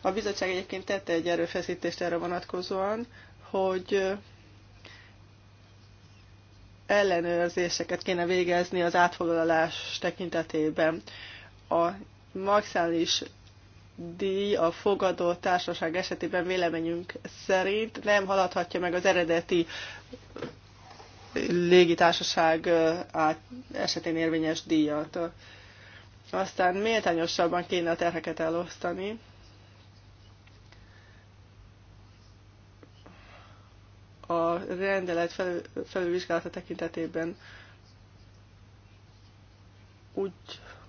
a bizottság egyébként tette egy erőfeszítést erre vonatkozóan, hogy ellenőrzéseket kéne végezni az átfoglalás tekintetében. A maximális díj a fogadó társaság esetében véleményünk szerint nem haladhatja meg az eredeti légitársaság esetén érvényes díjat. Aztán méltányosabban kéne a terheket elosztani, a rendelet felül, felülvizsgálata tekintetében úgy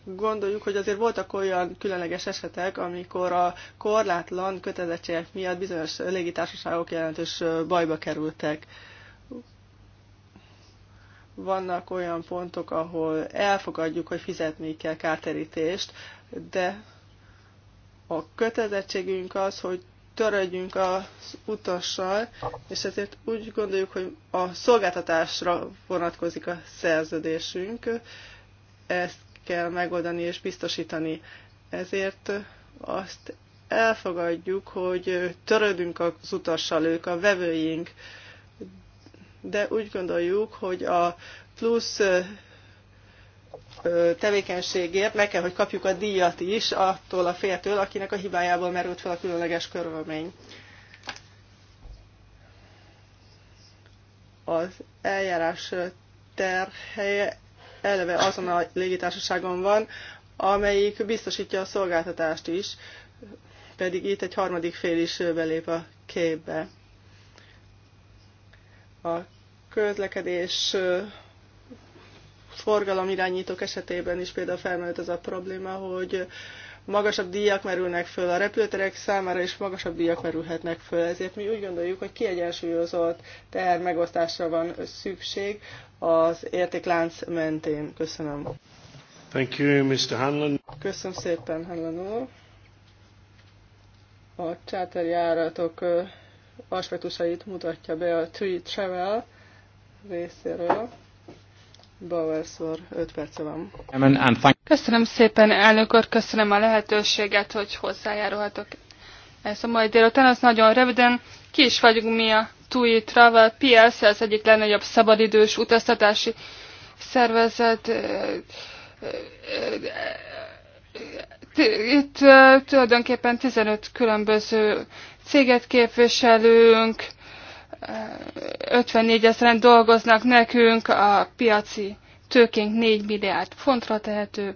gondoljuk, hogy azért voltak olyan különleges esetek, amikor a korlátlan kötelezettségek miatt bizonyos légitársaságok jelentős bajba kerültek. Vannak olyan pontok, ahol elfogadjuk, hogy fizetni kell kárterítést, de a kötelezettségünk az, hogy törődjünk az utassal, és ezért úgy gondoljuk, hogy a szolgáltatásra vonatkozik a szerződésünk, ezt kell megoldani és biztosítani. Ezért azt elfogadjuk, hogy törődünk az utassal, ők a vevőink, de úgy gondoljuk, hogy a plusz tevékenységért meg kell, hogy kapjuk a díjat is attól a féltől, akinek a hibájából merült fel a különleges körülmény. Az eljárás terhelye eleve azon a légitársaságon van, amelyik biztosítja a szolgáltatást is, pedig itt egy harmadik fél is belép a képbe. A közlekedés forgalomirányítók esetében is például felmerült az a probléma, hogy magasabb díjak merülnek föl a repülőterek számára, és magasabb díjak merülhetnek föl. Ezért mi úgy gondoljuk, hogy kiegyensúlyozott teher megosztásra van szükség az értéklánc mentén. Köszönöm. Thank you, Mr. Hanlon. Köszönöm szépen, Hanlon úr. A csáterjáratok aspektusait mutatja be a Tree Travel részéről. Bauer szor, 5 perce van. Köszönöm szépen, elnök úr, köszönöm a lehetőséget, hogy hozzájárulhatok ez a mai délután. Az nagyon röviden, ki is vagyunk mi a TUI Travel PLC, az egyik legnagyobb szabadidős utaztatási szervezet. Itt tulajdonképpen 15 különböző céget képviselünk, 54 ezeren dolgoznak nekünk, a piaci tőkénk 4 milliárd fontra tehető,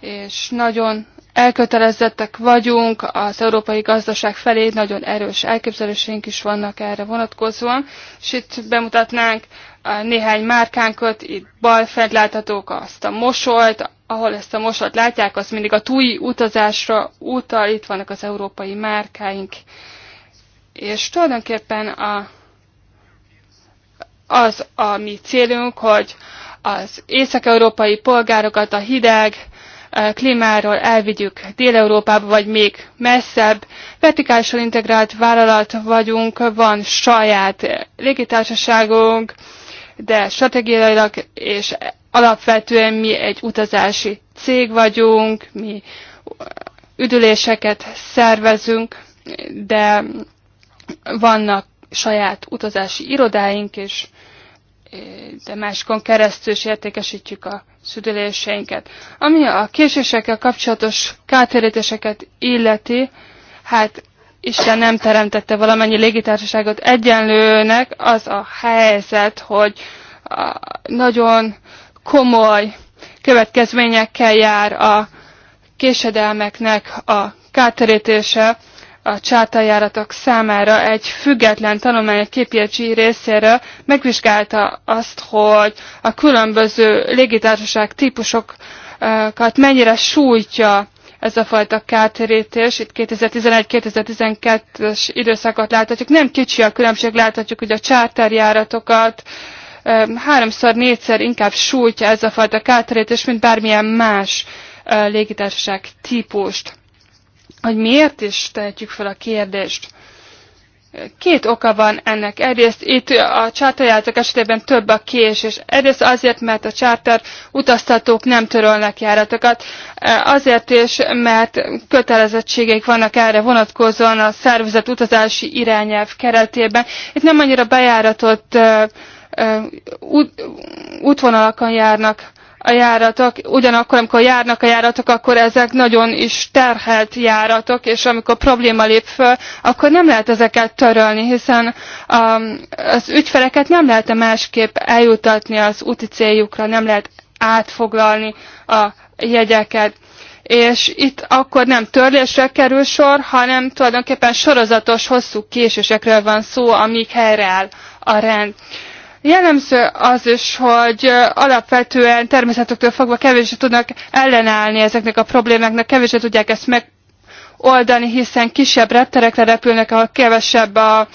és nagyon elkötelezettek vagyunk az európai gazdaság felé, nagyon erős elképzeléseink is vannak erre vonatkozóan, és itt bemutatnánk néhány márkánkat, itt bal fent láthatók azt a mosolt, ahol ezt a mosolt látják, az mindig a túi utazásra utal, itt vannak az európai márkáink, és tulajdonképpen a, az a mi célunk, hogy az észak-európai polgárokat a hideg e, klímáról elvigyük Dél-Európába, vagy még messzebb. Vertikálisan integrált vállalat vagyunk, van saját légitársaságunk, de stratégiailag és alapvetően mi egy utazási cég vagyunk, mi üdüléseket szervezünk, de vannak saját utazási irodáink is, eh, de máskon keresztül is értékesítjük a szüdüléseinket. Ami a késésekkel kapcsolatos kártérítéseket illeti, hát Isten nem teremtette valamennyi légitársaságot egyenlőnek, az a helyzet, hogy a nagyon komoly következményekkel jár a késedelmeknek a kárterítése a csátajáratok számára egy független tanulmány a KPLG részéről megvizsgálta azt, hogy a különböző légitársaság típusokat mennyire sújtja ez a fajta kártérítés. Itt 2011-2012-es időszakot láthatjuk. Nem kicsi a különbség, láthatjuk, hogy a csárterjáratokat háromszor, négyszer inkább sújtja ez a fajta kártérítés, mint bármilyen más légitársaság típust hogy miért is tehetjük fel a kérdést. Két oka van ennek. Egyrészt itt a csártajátok esetében több a késés. Egyrészt azért, mert a csárter utaztatók nem törölnek járatokat. Azért is, mert kötelezettségeik vannak erre vonatkozóan a szervezet utazási irányelv keretében. Itt nem annyira bejáratott útvonalakon járnak a járatok, ugyanakkor, amikor járnak a járatok, akkor ezek nagyon is terhelt járatok, és amikor probléma lép föl, akkor nem lehet ezeket törölni, hiszen um, az ügyfeleket nem lehet -e másképp eljutatni az úti céljukra, nem lehet átfoglalni a jegyeket és itt akkor nem törlésre kerül sor, hanem tulajdonképpen sorozatos, hosszú késésekről van szó, amíg helyreáll a rend. Jellemző az is, hogy alapvetően természetektől fogva kevésbé tudnak ellenállni ezeknek a problémáknak, kevésbé tudják ezt megoldani, hiszen kisebb repterekre repülnek, ahol kevesebb az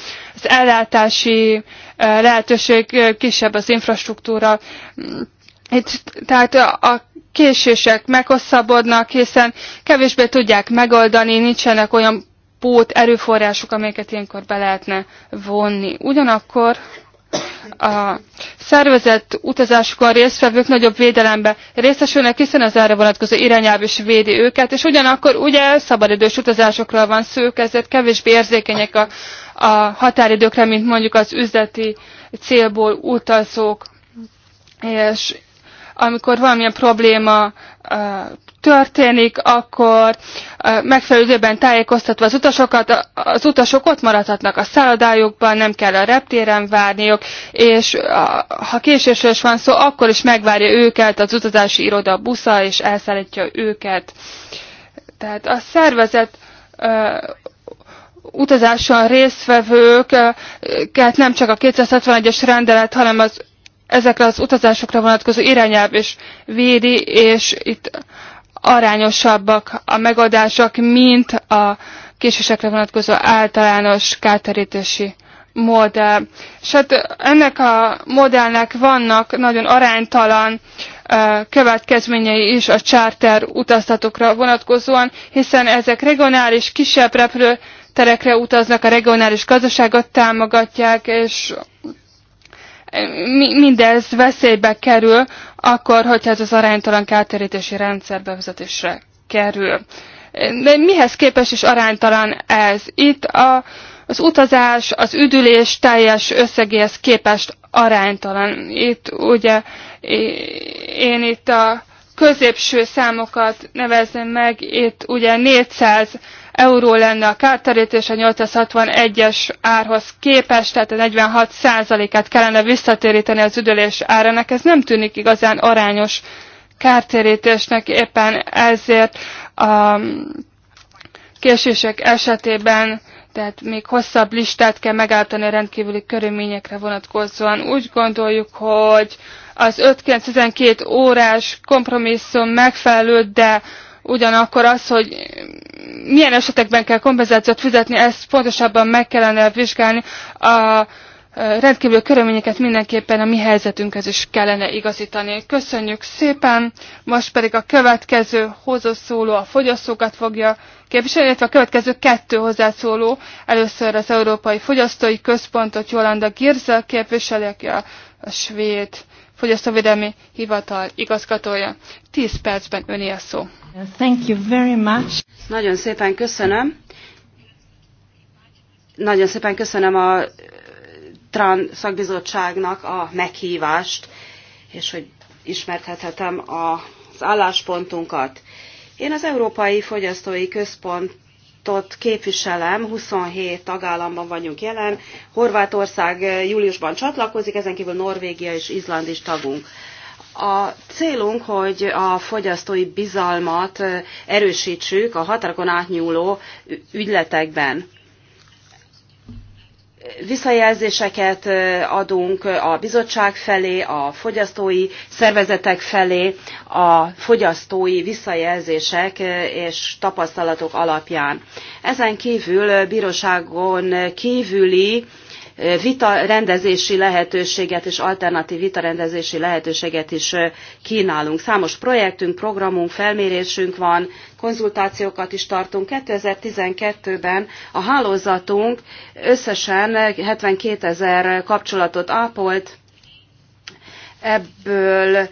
ellátási lehetőség, kisebb az infrastruktúra. Itt, tehát a késések meghosszabbodnak, hiszen kevésbé tudják megoldani, nincsenek olyan pót erőforrások, amelyeket ilyenkor be lehetne vonni. Ugyanakkor a szervezett utazásukon résztvevők nagyobb védelembe részesülnek, hiszen az erre vonatkozó irányelv is védi őket, és ugyanakkor ugye szabadidős utazásokról van szó, ezért kevésbé érzékenyek a, a határidőkre, mint mondjuk az üzleti célból utazók. És amikor valamilyen probléma történik, akkor megfelelő időben tájékoztatva az utasokat, az utasok ott maradhatnak a szállodájukban, nem kell a reptéren várniuk, és ha késésről is van szó, akkor is megvárja őket az utazási iroda busza, és elszállítja őket. Tehát a szervezet utazáson résztvevőket nem csak a 261-es rendelet, hanem az ezekre az utazásokra vonatkozó irányelv is védi, és itt arányosabbak a megadások, mint a késésekre vonatkozó általános kárterítési modell. És hát ennek a modellnek vannak nagyon aránytalan következményei is a charter utaztatókra vonatkozóan, hiszen ezek regionális, kisebb repülőterekre utaznak, a regionális gazdaságot támogatják, és mindez veszélybe kerül, akkor, hogyha ez az aránytalan kártérítési rendszer bevezetésre kerül. De mihez képes is aránytalan ez? Itt a, az utazás, az üdülés teljes összegéhez képest aránytalan. Itt ugye én itt a középső számokat nevezem meg, itt ugye 400 euró lenne a kártérítés a 861-es árhoz képest, tehát a 46 át kellene visszatéríteni az üdülés árának. Ez nem tűnik igazán arányos kártérítésnek, éppen ezért a késések esetében tehát még hosszabb listát kell megállítani a rendkívüli körülményekre vonatkozóan. Úgy gondoljuk, hogy az 5-12 órás kompromisszum megfelelő, de Ugyanakkor az, hogy milyen esetekben kell kompenzációt fizetni, ezt pontosabban meg kellene vizsgálni. A rendkívül körülményeket mindenképpen a mi helyzetünkhez is kellene igazítani. Köszönjük szépen, most pedig a következő hozószóló a fogyasztókat fogja képviselni, illetve a következő kettő hozzászóló. Először az Európai Fogyasztói Központot Jolanda Girzel képviseli, aki a, a svéd fogyasztóvédelmi hivatal igazgatója. tíz percben öné a szó. Thank you very much. Nagyon szépen köszönöm. Nagyon szépen köszönöm a eh, TRAN szakbizottságnak a meghívást, és hogy ismerthethetem az álláspontunkat. Én az Európai Fogyasztói Központ pártot képviselem, 27 tagállamban vagyunk jelen, Horvátország eh, júliusban csatlakozik, ezen kívül Norvégia és Izland is tagunk. A célunk, hogy a fogyasztói bizalmat eh, erősítsük a határokon átnyúló ügyletekben visszajelzéseket adunk a bizottság felé, a fogyasztói szervezetek felé, a fogyasztói visszajelzések és tapasztalatok alapján. Ezen kívül bíróságon kívüli vita rendezési lehetőséget és alternatív vita rendezési lehetőséget is kínálunk. Számos projektünk, programunk, felmérésünk van, konzultációkat is tartunk. 2012-ben a hálózatunk összesen 72 ezer kapcsolatot ápolt, ebből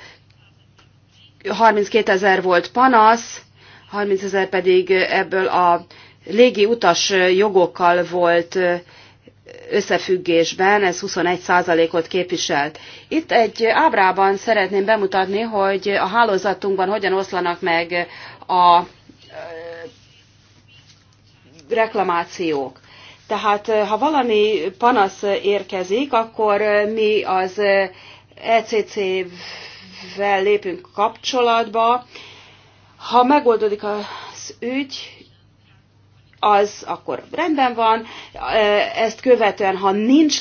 32 ezer volt panasz, 30 ezer pedig ebből a légi utas jogokkal volt összefüggésben, ez 21%-ot képviselt. Itt egy ábrában szeretném bemutatni, hogy a hálózatunkban hogyan oszlanak meg a reklamációk. Tehát ha valami panasz érkezik, akkor mi az ECC-vel lépünk kapcsolatba. Ha megoldódik az ügy, az akkor rendben van, ezt követően, ha nincs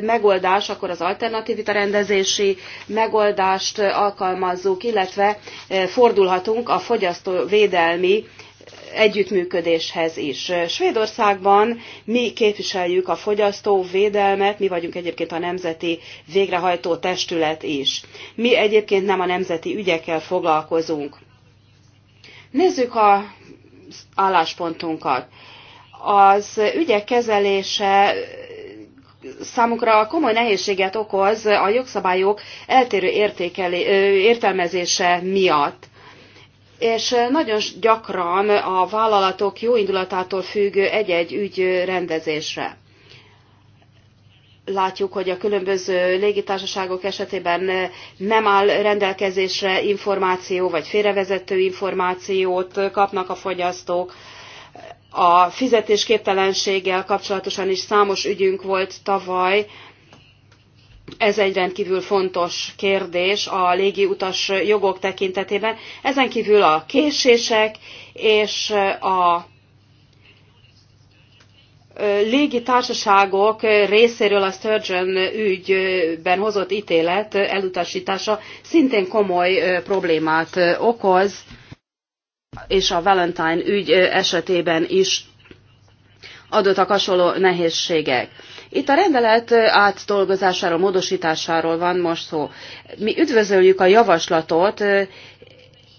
megoldás, akkor az alternatívita rendezési megoldást alkalmazzuk, illetve fordulhatunk a fogyasztóvédelmi együttműködéshez is. Svédországban mi képviseljük a védelmet, mi vagyunk egyébként a nemzeti végrehajtó testület is. Mi egyébként nem a nemzeti ügyekkel foglalkozunk. Nézzük az álláspontunkat. Az ügyek kezelése számukra komoly nehézséget okoz a jogszabályok eltérő értékeli, értelmezése miatt és nagyon gyakran a vállalatok jó indulatától függ egy-egy ügy rendezésre. Látjuk, hogy a különböző légitársaságok esetében nem áll rendelkezésre információ, vagy félrevezető információt kapnak a fogyasztók. A fizetésképtelenséggel kapcsolatosan is számos ügyünk volt tavaly, ez egy rendkvül fontos kérdés a légiutas jogok tekintetében. Ezen kívül a késések és a légi társaságok részéről a Sturgeon ügyben hozott ítélet elutasítása szintén komoly problémát okoz, és a Valentine ügy esetében is adottak hasonló nehézségek. Itt a rendelet átdolgozásáról, módosításáról van most szó. Mi üdvözöljük a javaslatot,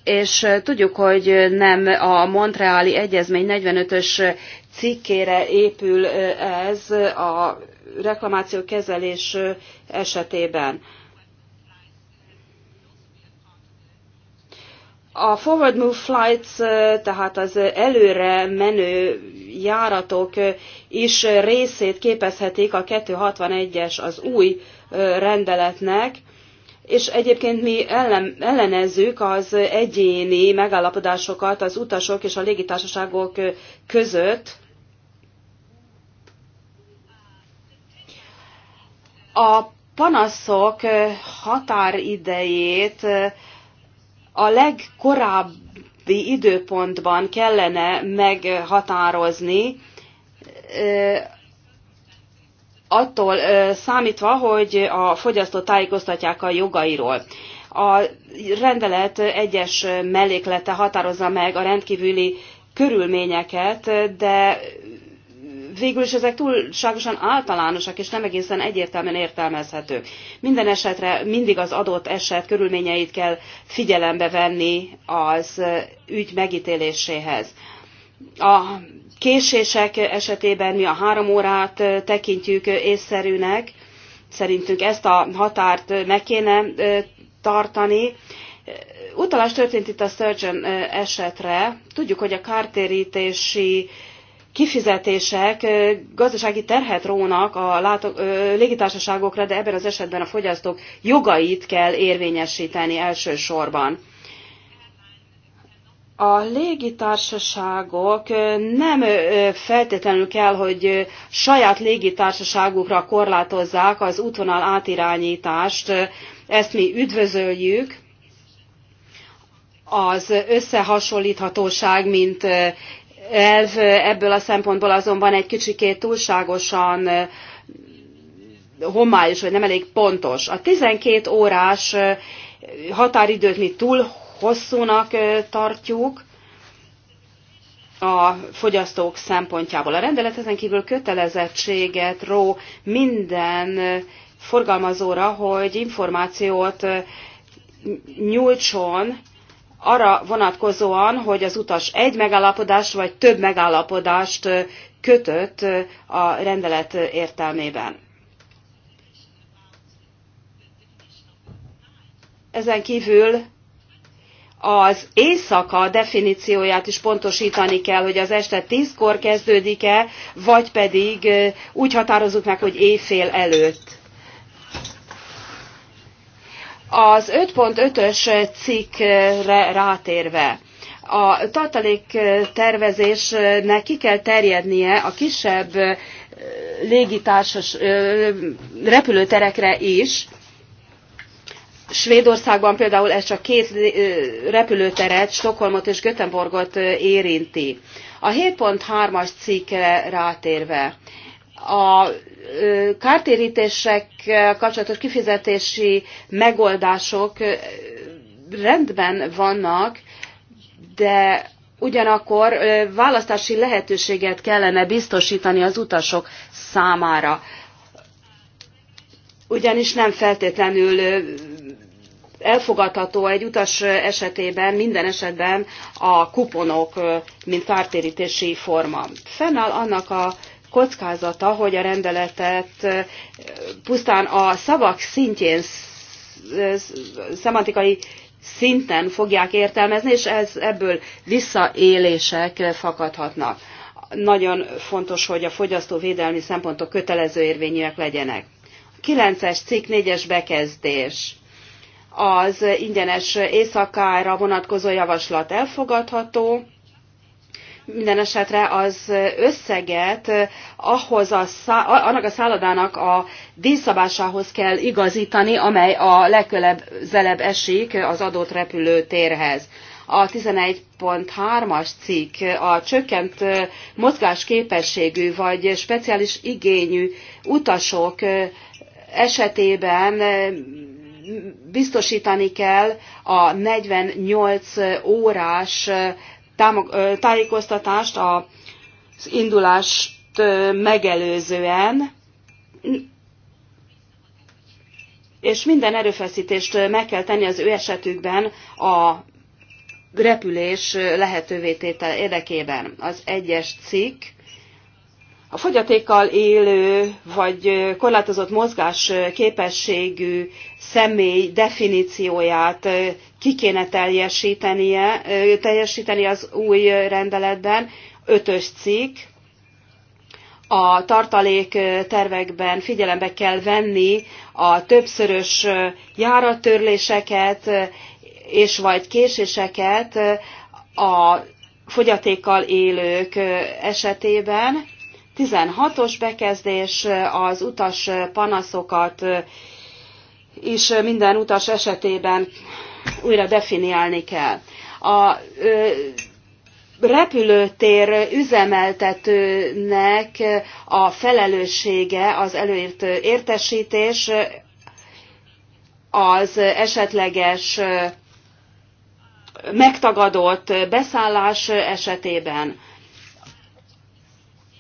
és tudjuk, hogy nem a Montreali Egyezmény 45-ös cikkére épül ez a reklamáció kezelés esetében. A forward move flights, tehát az előre menő járatok is részét képezhetik a 261-es az új rendeletnek, és egyébként mi ellen, ellenezzük az egyéni megállapodásokat az utasok és a légitársaságok között. A panaszok határidejét a legkorábbi időpontban kellene meghatározni, attól számítva, hogy a fogyasztó tájékoztatják a jogairól. A rendelet egyes melléklete határozza meg a rendkívüli körülményeket, de Végülis ezek túlságosan általánosak és nem egészen egyértelműen értelmezhetők. Minden esetre mindig az adott eset körülményeit kell figyelembe venni az ügy megítéléséhez. A késések esetében mi a három órát tekintjük észszerűnek, szerintünk ezt a határt meg kéne tartani. Utalás történt itt a Sturgeon esetre. Tudjuk, hogy a kártérítési kifizetések gazdasági terhet rónak a légitársaságokra, de ebben az esetben a fogyasztók jogait kell érvényesíteni elsősorban. A légitársaságok nem feltétlenül kell, hogy saját légitársaságukra korlátozzák az útvonal átirányítást, ezt mi üdvözöljük, az összehasonlíthatóság, mint elv ebből a szempontból azonban egy kicsikét túlságosan homályos, vagy nem elég pontos. A 12 órás határidőt mi túl hosszúnak tartjuk a fogyasztók szempontjából. A rendelet ezen kívül kötelezettséget ró minden forgalmazóra, hogy információt nyújtson arra vonatkozóan, hogy az utas egy megállapodást vagy több megállapodást kötött a rendelet értelmében. Ezen kívül az éjszaka definícióját is pontosítani kell, hogy az este 10-kor kezdődik-e, vagy pedig úgy határozzuk meg, hogy éjfél előtt. Az 5.5-ös cikkre rátérve, a tartaléktervezésnek tervezésnek ki kell terjednie a kisebb légitársas repülőterekre is. Svédországban például ez csak két repülőteret, Stockholmot és Göteborgot érinti. A 7.3-as cikkre rátérve, a kártérítések kapcsolatos kifizetési megoldások rendben vannak, de ugyanakkor választási lehetőséget kellene biztosítani az utasok számára. Ugyanis nem feltétlenül elfogadható egy utas esetében, minden esetben a kuponok, mint kártérítési forma. Fennáll annak a kockázata, hogy a rendeletet pusztán a szavak szintjén, szemantikai szinten fogják értelmezni, és ez ebből visszaélések fakadhatnak. Nagyon fontos, hogy a fogyasztóvédelmi szempontok kötelező érvényűek legyenek. A 9-es cikk 4-es bekezdés az ingyenes éjszakára vonatkozó javaslat elfogadható, mindenesetre az összeget eh, ahhoz a szá, annak a szállodának a díszabásához kell igazítani, amely a zelebb esik az adott repülőtérhez a 11.3-as cikk a csökkent eh, mozgásképességű vagy speciális igényű utasok eh, esetében biztosítani kell a 48 órás támog, tájékoztatást az indulást megelőzően, és minden erőfeszítést meg kell tenni az ő esetükben a repülés lehetővé érdekében. Az egyes cikk a fogyatékkal élő vagy korlátozott mozgás képességű személy definícióját ki kéne teljesítenie, teljesíteni az új rendeletben, ötös cikk, a tartalék tervekben figyelembe kell venni a többszörös járattörléseket és vagy késéseket a fogyatékkal élők esetében, 16-os bekezdés az utas panaszokat is minden utas esetében újra definiálni kell. A repülőtér üzemeltetőnek a felelőssége az előírt értesítés, az esetleges megtagadott beszállás esetében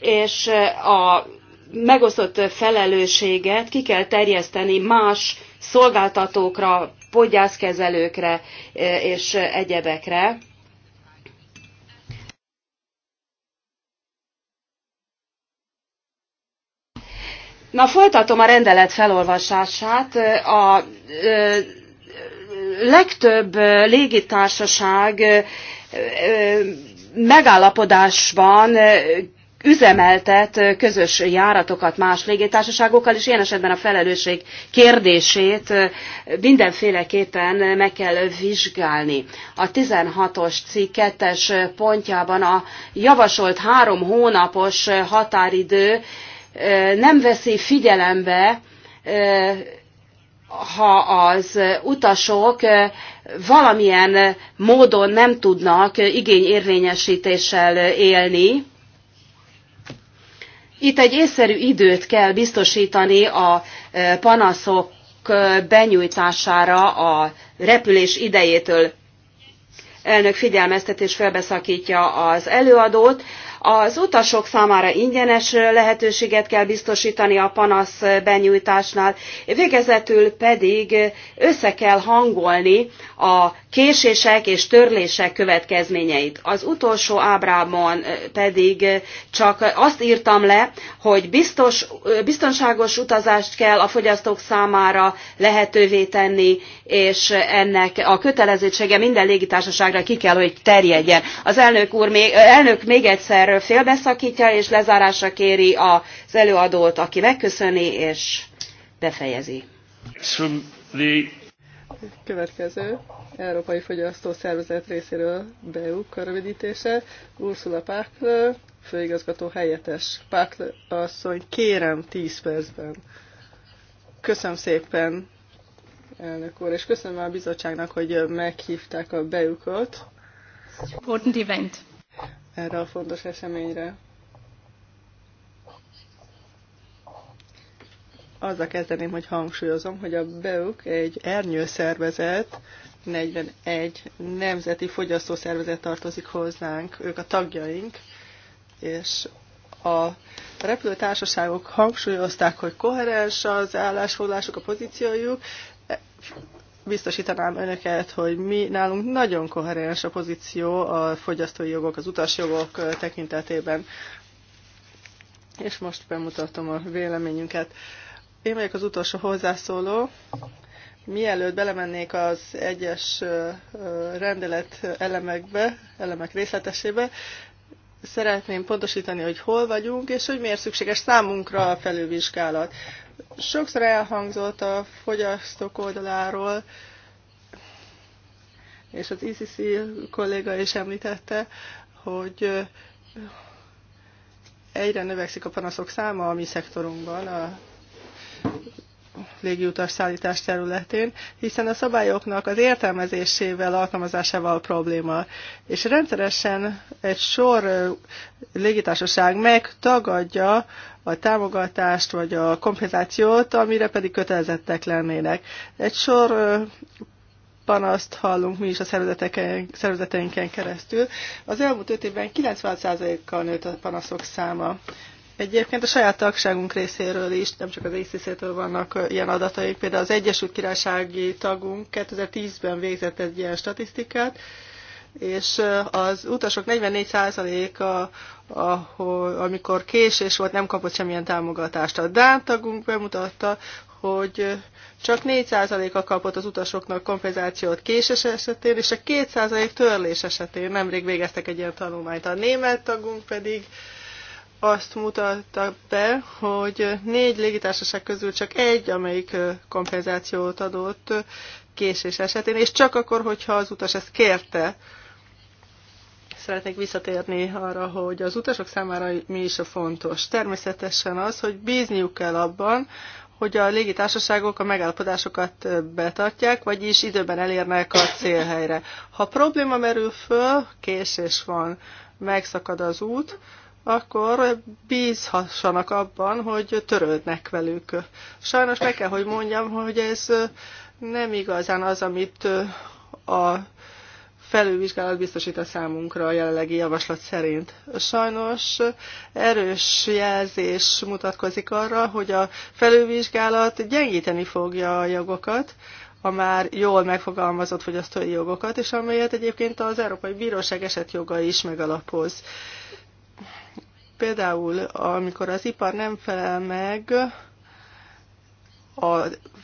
és a megosztott felelősséget ki kell terjeszteni más szolgáltatókra, podgyászkezelőkre és egyebekre. Na, folytatom a rendelet felolvasását. A legtöbb légitársaság megállapodásban üzemeltet közös járatokat más légitársaságokkal, és ilyen esetben a felelősség kérdését mindenféleképpen meg kell vizsgálni. A 16-os cikk 2 pontjában a javasolt három hónapos határidő nem veszi figyelembe ha az utasok valamilyen módon nem tudnak igényérvényesítéssel élni, itt egy észszerű időt kell biztosítani a e, panaszok e, benyújtására a repülés idejétől. Elnök figyelmeztetés félbeszaktja az előadót. Az utasok számára ingyenes lehetőséget kell biztosítani a panasz benyújtásnál, végezetül pedig össze kell hangolni a késések és törlések következményeit. Az utolsó ábrámon pedig csak azt írtam le, hogy biztos, biztonságos utazást kell a fogyasztók számára lehetővé tenni, és ennek a kötelezettsége minden légitársaságra ki kell, hogy terjedjen. Az elnök úr, még, elnök még egyszer félbeszakítja, és lezárásra kéri az előadót, aki megköszöni, és befejezi. Következő Európai Fogyasztó Szervezet részéről BEUK rövidítése, Ursula Pákl, főigazgató helyettes. Pákl asszony, kérem 10 percben. Köszönöm szépen, elnök úr, és köszönöm a bizottságnak, hogy meghívták a beukot. Important event erre a fontos eseményre. Azzal kezdeném, hogy hangsúlyozom, hogy a BEUK egy ernyőszervezet, 41 nemzeti fogyasztószervezet tartozik hozzánk, ők a tagjaink, és a repülőtársaságok hangsúlyozták, hogy koherens az állásfoglalásuk, a pozíciójuk, biztosítanám önöket, hogy mi nálunk nagyon koherens a pozíció a fogyasztói jogok, az utasjogok tekintetében. És most bemutatom a véleményünket. Én vagyok az utolsó hozzászóló. Mielőtt belemennék az egyes rendelet elemekbe, elemek részletesébe, szeretném pontosítani, hogy hol vagyunk, és hogy miért szükséges számunkra a felülvizsgálat. Sokszor elhangzott a fogyasztók oldaláról, és az ICC kolléga is említette, hogy egyre növekszik a panaszok száma a mi szektorunkban, a légiutas szállítás területén, hiszen a szabályoknak az értelmezésével, alkalmazásával probléma. És rendszeresen egy sor légitársaság megtagadja a támogatást vagy a kompenzációt, amire pedig kötelezettek lennének. Egy sor panaszt hallunk mi is a szervezeteinken keresztül. Az elmúlt öt évben 96%-kal nőtt a panaszok száma. Egyébként a saját tagságunk részéről is, nem csak az ACC-től vannak ilyen adataik. Például az Egyesült Királysági tagunk 2010-ben végzett egy ilyen statisztikát, és az utasok 44%-a, ahol, amikor késés volt, nem kapott semmilyen támogatást. A Dán tagunk bemutatta, hogy csak 4%-a kapott az utasoknak kompenzációt késés esetén, és a 2% törlés esetén nemrég végeztek egy ilyen tanulmányt. A német tagunk pedig azt mutatta be, hogy négy légitársaság közül csak egy, amelyik kompenzációt adott késés esetén, és csak akkor, hogyha az utas ezt kérte. Szeretnék visszatérni arra, hogy az utasok számára mi is a fontos. Természetesen az, hogy bízniuk kell abban, hogy a légitársaságok a megállapodásokat betartják, vagyis időben elérnek a célhelyre. Ha probléma merül föl, késés van, megszakad az út, akkor bízhassanak abban, hogy törődnek velük. Sajnos meg kell, hogy mondjam, hogy ez nem igazán az, amit a felülvizsgálat biztosít a számunkra a jelenlegi javaslat szerint. Sajnos erős jelzés mutatkozik arra, hogy a felülvizsgálat gyengíteni fogja a jogokat, a már jól megfogalmazott fogyasztói jogokat, és amelyet egyébként az Európai Bíróság esetjoga is megalapoz. Például, amikor az ipar nem felel meg a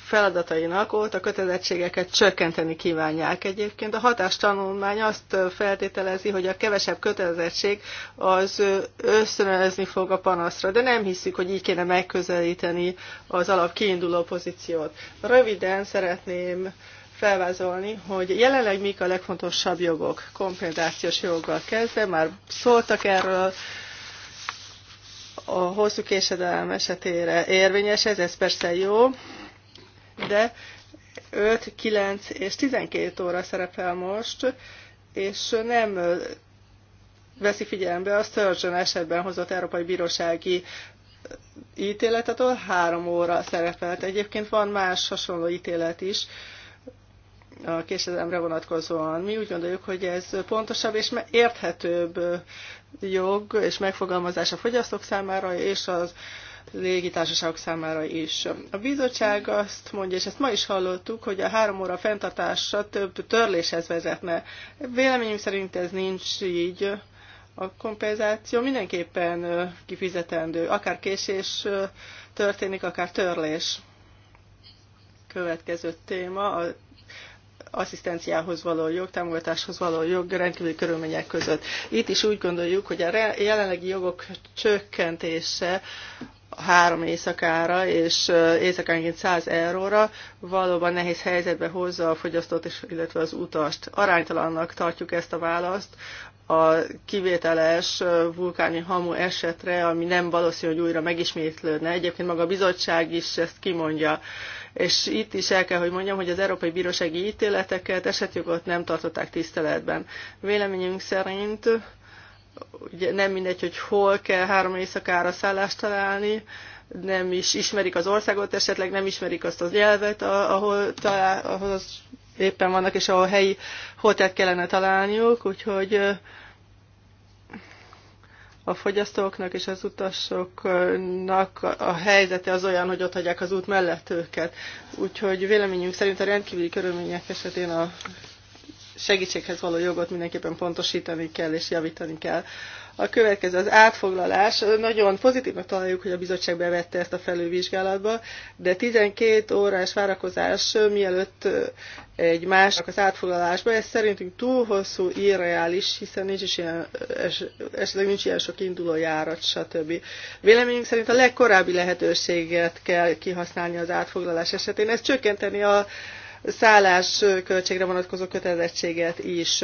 feladatainak, ott a kötelezettségeket csökkenteni kívánják. Egyébként a hatástanulmány azt feltételezi, hogy a kevesebb kötelezettség az ösztönözni fog a panaszra, de nem hiszük, hogy így kéne megközelíteni az alap kiinduló pozíciót. Röviden szeretném felvázolni, hogy jelenleg mik a legfontosabb jogok. Kompenzációs joggal kezdve, már szóltak erről, a hosszú késedelem esetére érvényes, ez, ez persze jó, de 5, 9 és 12 óra szerepel most, és nem veszi figyelembe a Sturgeon esetben hozott Európai Bírósági ítéletet, ahol három óra szerepelt. Egyébként van más hasonló ítélet is, a késedelemre vonatkozóan. Mi úgy gondoljuk, hogy ez pontosabb és érthetőbb jog és megfogalmazás a fogyasztók számára és az légitársaságok számára is. A bizottság azt mondja, és ezt ma is hallottuk, hogy a három óra fenntartása több törléshez vezetne. Véleményünk szerint ez nincs így. A kompenzáció mindenképpen kifizetendő, akár késés történik, akár törlés. Következő téma a asszisztenciához való jog, támogatáshoz való jog rendkívüli körülmények között. Itt is úgy gondoljuk, hogy a jelenlegi jogok csökkentése három éjszakára, és éjszakánként 100 euróra valóban nehéz helyzetbe hozza a fogyasztót, és, illetve az utast. Aránytalannak tartjuk ezt a választ a kivételes vulkáni hamu esetre, ami nem valószínű, hogy újra megismétlődne. Egyébként maga a bizottság is ezt kimondja. És itt is el kell, hogy mondjam, hogy az Európai Bírósági ítéleteket, esetjogot nem tartották tiszteletben. Véleményünk szerint Ugye nem mindegy, hogy hol kell három éjszakára szállást találni, nem is ismerik az országot, esetleg nem ismerik azt az nyelvet, ahol, talál, ahol az éppen vannak, és ahol helyi hotelt kellene találniuk, úgyhogy a fogyasztóknak és az utasoknak a helyzete az olyan, hogy ott hagyják az út mellett őket. Úgyhogy véleményünk szerint a rendkívüli körülmények esetén a segítséghez való jogot mindenképpen pontosítani kell és javítani kell. A következő az átfoglalás. Nagyon pozitívnak találjuk, hogy a bizottság bevette ezt a felülvizsgálatba, de 12 órás várakozás mielőtt egy másnak az átfoglalásba, ez szerintünk túl hosszú, irreális, hiszen nincs is ilyen, es, esetleg nincs ilyen sok induló járat, stb. Véleményünk szerint a legkorábbi lehetőséget kell kihasználni az átfoglalás esetén. Ez csökkenteni a szállás költségre vonatkozó kötelezettséget is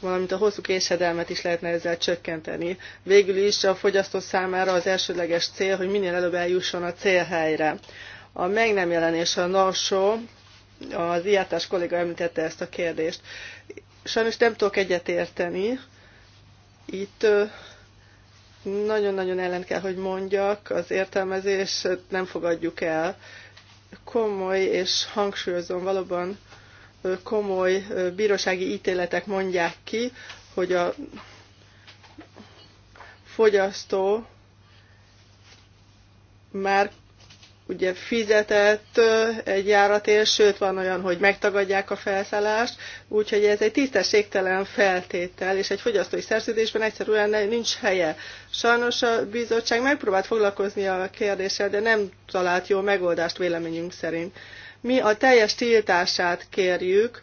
valamint a hosszú késedelmet is lehetne ezzel csökkenteni. Végül is a fogyasztó számára az elsődleges cél, hogy minél előbb eljusson a célhelyre. A meg nem jelenés a NASO, az IATÁS kolléga említette ezt a kérdést. Sajnos nem tudok egyetérteni. Itt nagyon-nagyon ellen kell, hogy mondjak, az értelmezést nem fogadjuk el komoly, és hangsúlyozom, valóban komoly bírósági ítéletek mondják ki, hogy a fogyasztó már ugye fizetett egy járatért, sőt van olyan, hogy megtagadják a felszállást, úgyhogy ez egy tisztességtelen feltétel, és egy fogyasztói szerződésben egyszerűen nincs helye. Sajnos a bizottság megpróbált foglalkozni a kérdéssel, de nem talált jó megoldást véleményünk szerint. Mi a teljes tiltását kérjük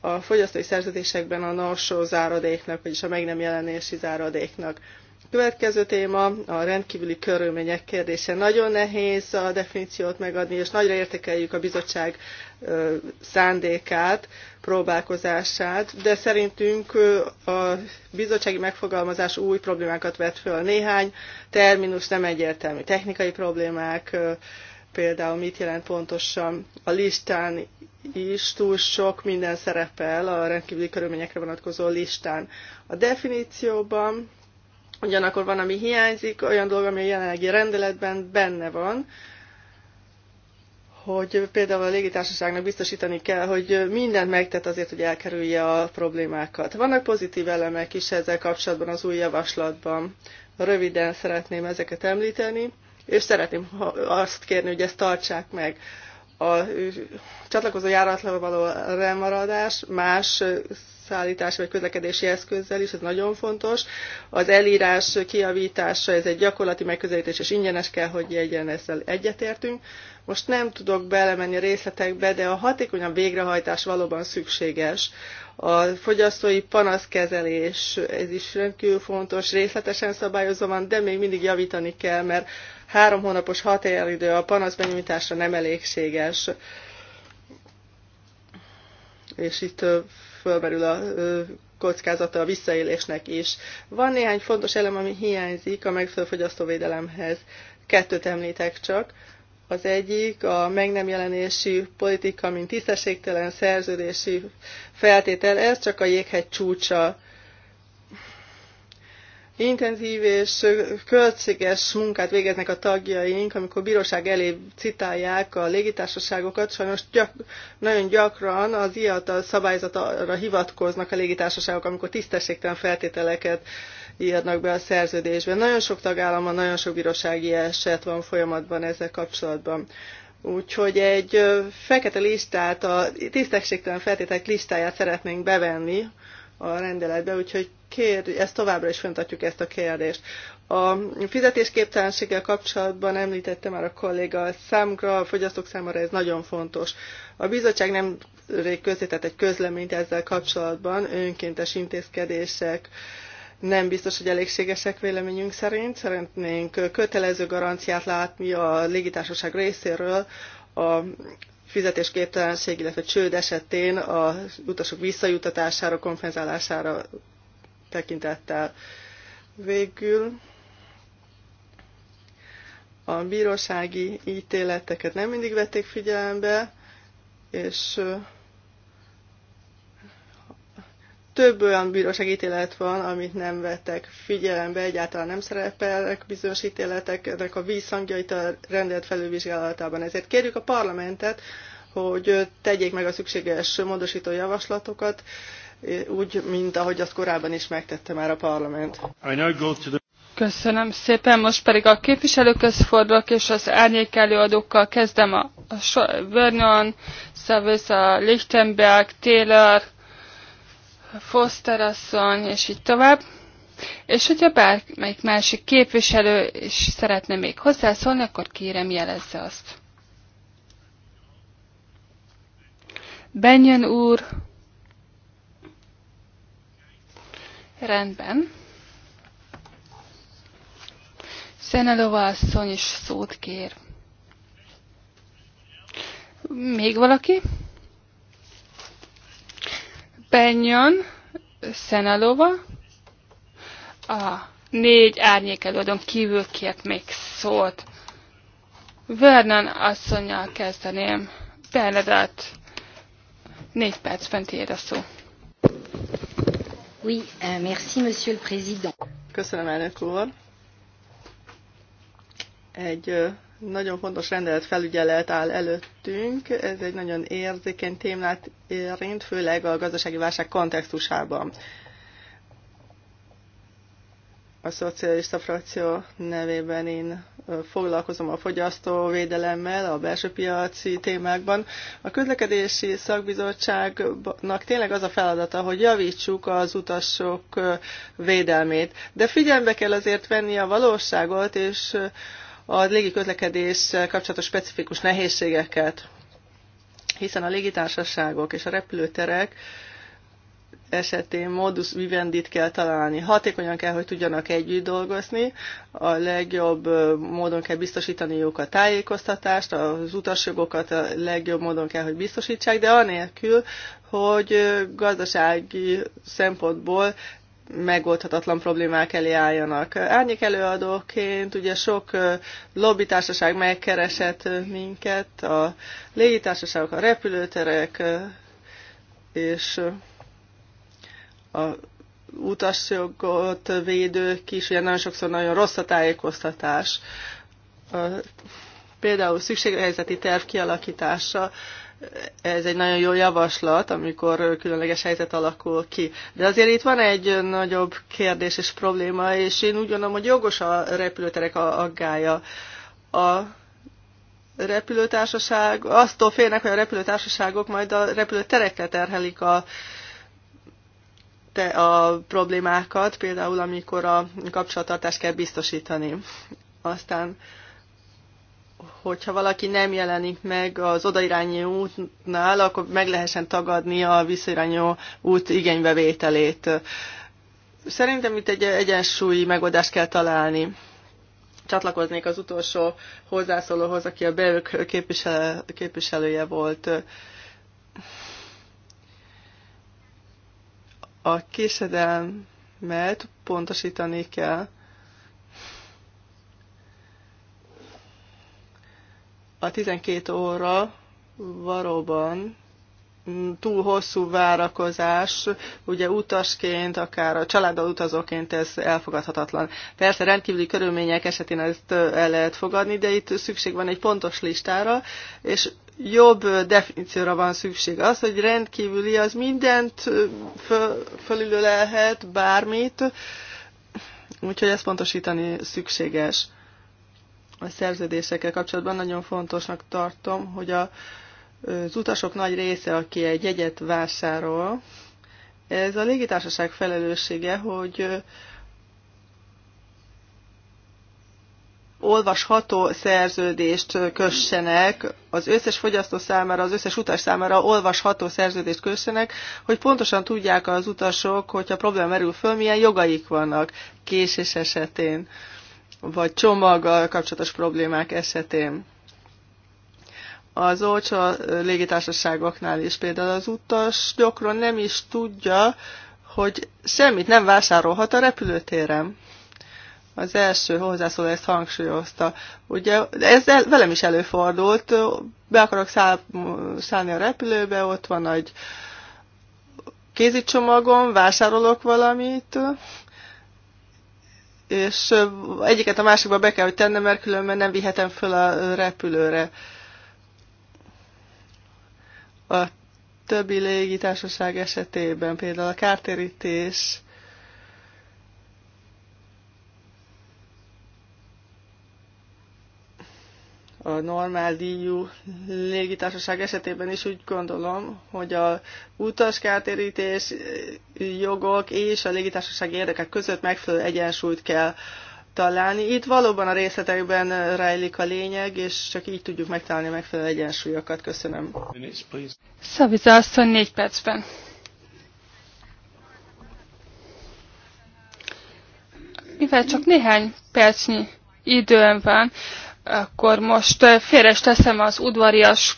a fogyasztói szerződésekben a norsó záradéknak, vagyis a meg nem jelenési záradéknak Következő téma a rendkívüli körülmények kérdése. Nagyon nehéz a definíciót megadni, és nagyra értékeljük a bizottság szándékát, próbálkozását, de szerintünk a bizottsági megfogalmazás új problémákat vet föl. Néhány terminus nem egyértelmű. Technikai problémák, például mit jelent pontosan a listán is túl sok minden szerepel a rendkívüli körülményekre vonatkozó listán. A definícióban Ugyanakkor van, ami hiányzik, olyan dolog, ami a jelenlegi rendeletben benne van, hogy például a légitársaságnak biztosítani kell, hogy mindent megtett azért, hogy elkerülje a problémákat. Vannak pozitív elemek is ezzel kapcsolatban az új javaslatban. Röviden szeretném ezeket említeni, és szeretném azt kérni, hogy ezt tartsák meg. A csatlakozó járatlan való remaradás más szállítás vagy közlekedési eszközzel is, ez nagyon fontos. Az elírás kiavítása, ez egy gyakorlati megközelítés, és ingyenes kell, hogy legyen, ezzel egyetértünk. Most nem tudok belemenni a részletekbe, de a hatékonyabb végrehajtás valóban szükséges. A fogyasztói panaszkezelés, ez is rendkívül fontos, részletesen szabályozva van, de még mindig javítani kell, mert három hónapos határidő a panasz benyújtásra nem elégséges és itt fölmerül a kockázata a visszaélésnek is. Van néhány fontos elem, ami hiányzik a megfelelő fogyasztóvédelemhez. Kettőt említek csak. Az egyik a meg nem jelenési politika, mint tisztességtelen szerződési feltétel, ez csak a jéghegy csúcsa Intenzív és költséges munkát végeznek a tagjaink, amikor bíróság elé citálják a légitársaságokat. Sajnos gyak, nagyon gyakran az IATA szabályzatra hivatkoznak a légitársaságok, amikor tisztességtelen feltételeket írnak be a szerződésben. Nagyon sok tagállamban, nagyon sok bírósági eset van folyamatban ezzel kapcsolatban. Úgyhogy egy fekete listát, a tisztességtelen feltételek listáját szeretnénk bevenni, a rendeletbe, úgyhogy kér, ezt továbbra is fenntartjuk ezt a kérdést. A fizetésképtelenséggel kapcsolatban említette már a kolléga, számra, a fogyasztók számára ez nagyon fontos. A bizottság nem rég közzétett egy közleményt ezzel kapcsolatban, önkéntes intézkedések, nem biztos, hogy elégségesek véleményünk szerint. Szeretnénk kötelező garanciát látni a légitársaság részéről a fizetésképtelenség, illetve csőd esetén a utasok visszajutatására, kompenzálására tekintettel. Végül a bírósági ítéleteket nem mindig vették figyelembe, és több olyan ítélet van, amit nem vettek figyelembe, egyáltalán nem szerepelnek bizonyos ítéleteknek a vízhangjait a rendelet felülvizsgálatában. Ezért kérjük a parlamentet, hogy tegyék meg a szükséges módosító javaslatokat, úgy, mint ahogy azt korábban is megtette már a parlament. Köszönöm szépen, most pedig a képviselőköz fordulok, és az árnyék előadókkal kezdem a, a Vernon, Savisa, Lichtenberg, Taylor, Foster asszony, és így tovább. És hogyha bármelyik másik képviselő is szeretne még hozzászólni, akkor kérem jelezze azt. Benjen úr. Rendben. Szenelova asszony is szót kér. Még valaki? Penyon Szenalova, a négy árnyék előadón kívül kért még szót. Vernon asszonynal kezdeném. Bernadett, négy perc fent a szó. Oui, euh, merci, monsieur le président. Köszönöm, elnök úr. Egy nagyon fontos rendelet felügyelet áll előttünk. Ez egy nagyon érzékeny témát érint, főleg a gazdasági válság kontextusában. A szocialista frakció nevében én foglalkozom a fogyasztóvédelemmel, a belső piaci témákban. A közlekedési szakbizottságnak tényleg az a feladata, hogy javítsuk az utasok védelmét. De figyelme kell azért venni a valóságot, és a légi közlekedés kapcsolatos specifikus nehézségeket, hiszen a légitársaságok és a repülőterek esetén modus vivendit kell találni. Hatékonyan kell, hogy tudjanak együtt dolgozni, a legjobb módon kell biztosítaniuk a tájékoztatást, az utasjogokat a legjobb módon kell, hogy biztosítsák, de anélkül, hogy gazdasági szempontból megoldhatatlan problémák elé álljanak. Árnyék előadóként ugye sok lobbytársaság megkeresett minket, a légitársaságok, a repülőterek és a utasjogot védők is, ugye nagyon sokszor nagyon rossz a tájékoztatás. Például szükséghelyzeti terv kialakítása, ez egy nagyon jó javaslat, amikor különleges helyzet alakul ki. De azért itt van egy nagyobb kérdés és probléma, és én úgy gondolom, hogy jogos a repülőterek aggája. A repülőtársaság, aztól félnek, hogy a repülőtársaságok majd a repülőterekre terhelik a, te, a problémákat, például amikor a kapcsolattartást kell biztosítani. Aztán hogyha valaki nem jelenik meg az odairányú útnál, akkor meg lehessen tagadni a visszairányú út igénybevételét. Szerintem itt egy egyensúlyi megoldást kell találni. Csatlakoznék az utolsó hozzászólóhoz, aki a belők képviselő, képviselője volt. A késedelmet pontosítani kell a 12 óra valóban túl hosszú várakozás, ugye utasként, akár a családdal utazóként ez elfogadhatatlan. Persze rendkívüli körülmények esetén ezt el lehet fogadni, de itt szükség van egy pontos listára, és jobb definícióra van szükség. Az, hogy rendkívüli, az mindent föl, fölülölelhet, bármit, úgyhogy ezt pontosítani szükséges a szerződésekkel kapcsolatban nagyon fontosnak tartom, hogy a, az utasok nagy része, aki egy jegyet vásárol, ez a légitársaság felelőssége, hogy olvasható szerződést kössenek, az összes fogyasztó számára, az összes utas számára olvasható szerződést kössenek, hogy pontosan tudják az utasok, hogyha probléma merül föl, milyen jogaik vannak késés esetén vagy csomaggal kapcsolatos problémák esetén. Az olcsó légitársaságoknál is például az utas gyakran nem is tudja, hogy semmit nem vásárolhat a repülőtéren. Az első hozzászóló ezt hangsúlyozta. Ugye ez velem is előfordult, be akarok száll, szállni a repülőbe, ott van egy kézicsomagom, vásárolok valamit, és egyiket a másikba be kell, hogy tennem, mert különben nem vihetem föl a repülőre. A többi légitársaság esetében például a kártérítés a normál díjú légitársaság esetében is úgy gondolom, hogy a utaskártérítés jogok és a légitársaság érdekek között megfelelő egyensúlyt kell találni. Itt valóban a részletekben rejlik a lényeg, és csak így tudjuk megtalálni a megfelelő egyensúlyokat. Köszönöm. Szaviza asszony négy percben. Mivel csak néhány percnyi időm van, akkor most eh, félre teszem az udvarias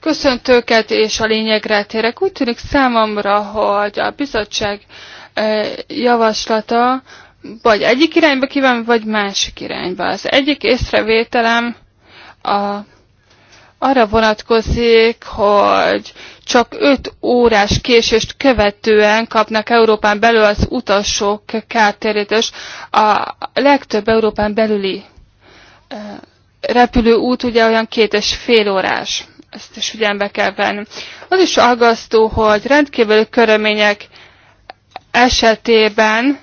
köszöntőket, és a lényegre térek. Úgy tűnik számomra, hogy a bizottság eh, javaslata vagy egyik irányba kíván, vagy másik irányba. Az egyik észrevételem a, arra vonatkozik, hogy csak 5 órás késést követően kapnak Európán belül az utasok kártérítést. A legtöbb Európán belüli Repülő út, ugye olyan két és fél órás. Ezt is figyelembe kell venni. Az is aggasztó, hogy rendkívül körülmények esetében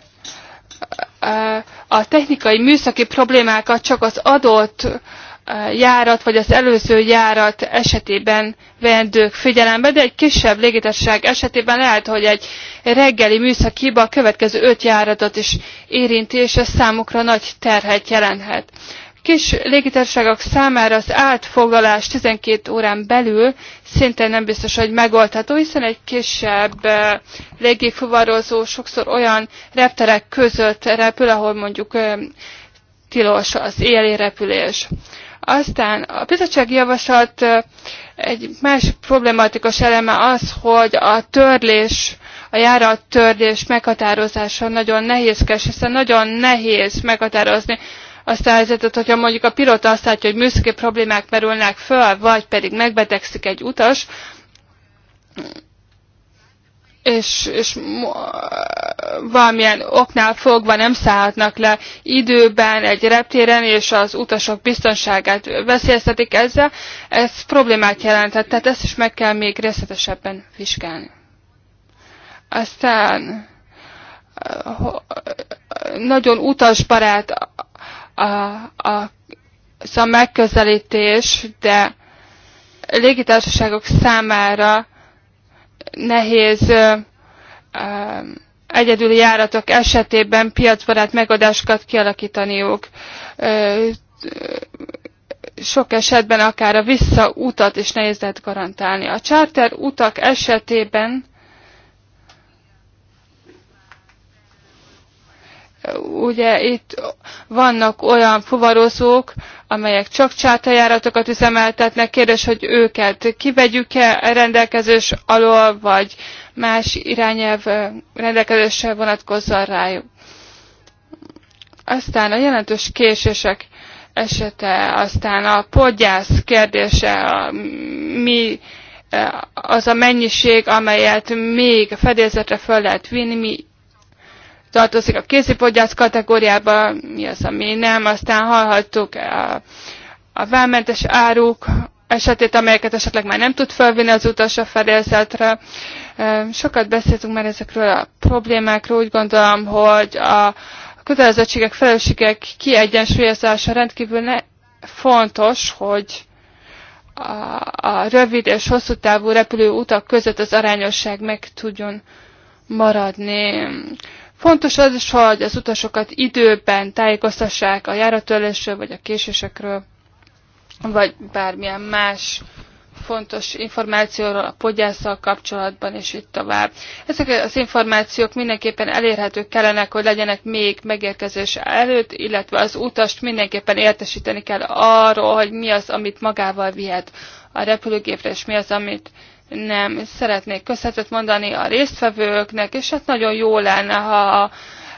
a technikai műszaki problémákat csak az adott járat vagy az előző járat esetében vendők figyelembe, de egy kisebb légitársaság esetében lehet, hogy egy reggeli műszaki hiba a következő öt járatot is érinti, és ez számukra nagy terhet jelenthet kis légitársaságok számára az átfoglalás 12 órán belül szintén nem biztos, hogy megoldható, hiszen egy kisebb eh, légifuvarozó sokszor olyan repterek között repül, ahol mondjuk eh, tilos az éli repülés. Aztán a bizottsági javaslat eh, egy másik problematikus eleme az, hogy a törlés, a járattörlés meghatározása nagyon nehézkes, hiszen nagyon nehéz meghatározni, azt a helyzetet, hogyha mondjuk a pilóta azt látja, hogy műszaki problémák merülnek föl, vagy pedig megbetegszik egy utas, és, és valamilyen oknál fogva nem szállhatnak le időben egy reptéren, és az utasok biztonságát veszélyeztetik ezzel, ez problémát jelentett, tehát ezt is meg kell még részletesebben vizsgálni. Aztán eh, nagyon utasbarát a, a, ez a megközelítés, de légitársaságok számára nehéz ö, ö, egyedüli járatok esetében piacbarát megoldásokat kialakítaniuk. Ö, sok esetben akár a visszautat is nehéz lehet garantálni. A charter utak esetében ugye itt vannak olyan fuvarozók, amelyek csak csátajáratokat üzemeltetnek. Kérdés, hogy őket kivegyük-e rendelkezés alól, vagy más irányelv rendelkezésre vonatkozzon rájuk. Aztán a jelentős késések esete, aztán a podgyász kérdése, a, mi az a mennyiség, amelyet még fedélzetre fel lehet vinni, mi tartozik a kézifogyász kategóriába, mi az, ami nem. Aztán hallhattuk a, a vámmentes áruk esetét, amelyeket esetleg már nem tud felvinni az utas a fedélzetre. Sokat beszéltünk már ezekről a problémákról, úgy gondolom, hogy a kötelezettségek, felelősségek kiegyensúlyozása rendkívül ne, fontos, hogy a, a rövid és hosszú távú repülő utak között az arányosság meg tudjon maradni. Fontos az is, hogy az utasokat időben tájékoztassák a járatörlésről, vagy a késésekről, vagy bármilyen más fontos információról a podgyászsal kapcsolatban, és így tovább. Ezek az információk mindenképpen elérhetők kellenek, hogy legyenek még megérkezés előtt, illetve az utast mindenképpen értesíteni kell arról, hogy mi az, amit magával vihet a repülőgépre, és mi az, amit nem szeretnék köszönetet mondani a résztvevőknek, és hát nagyon jó lenne, ha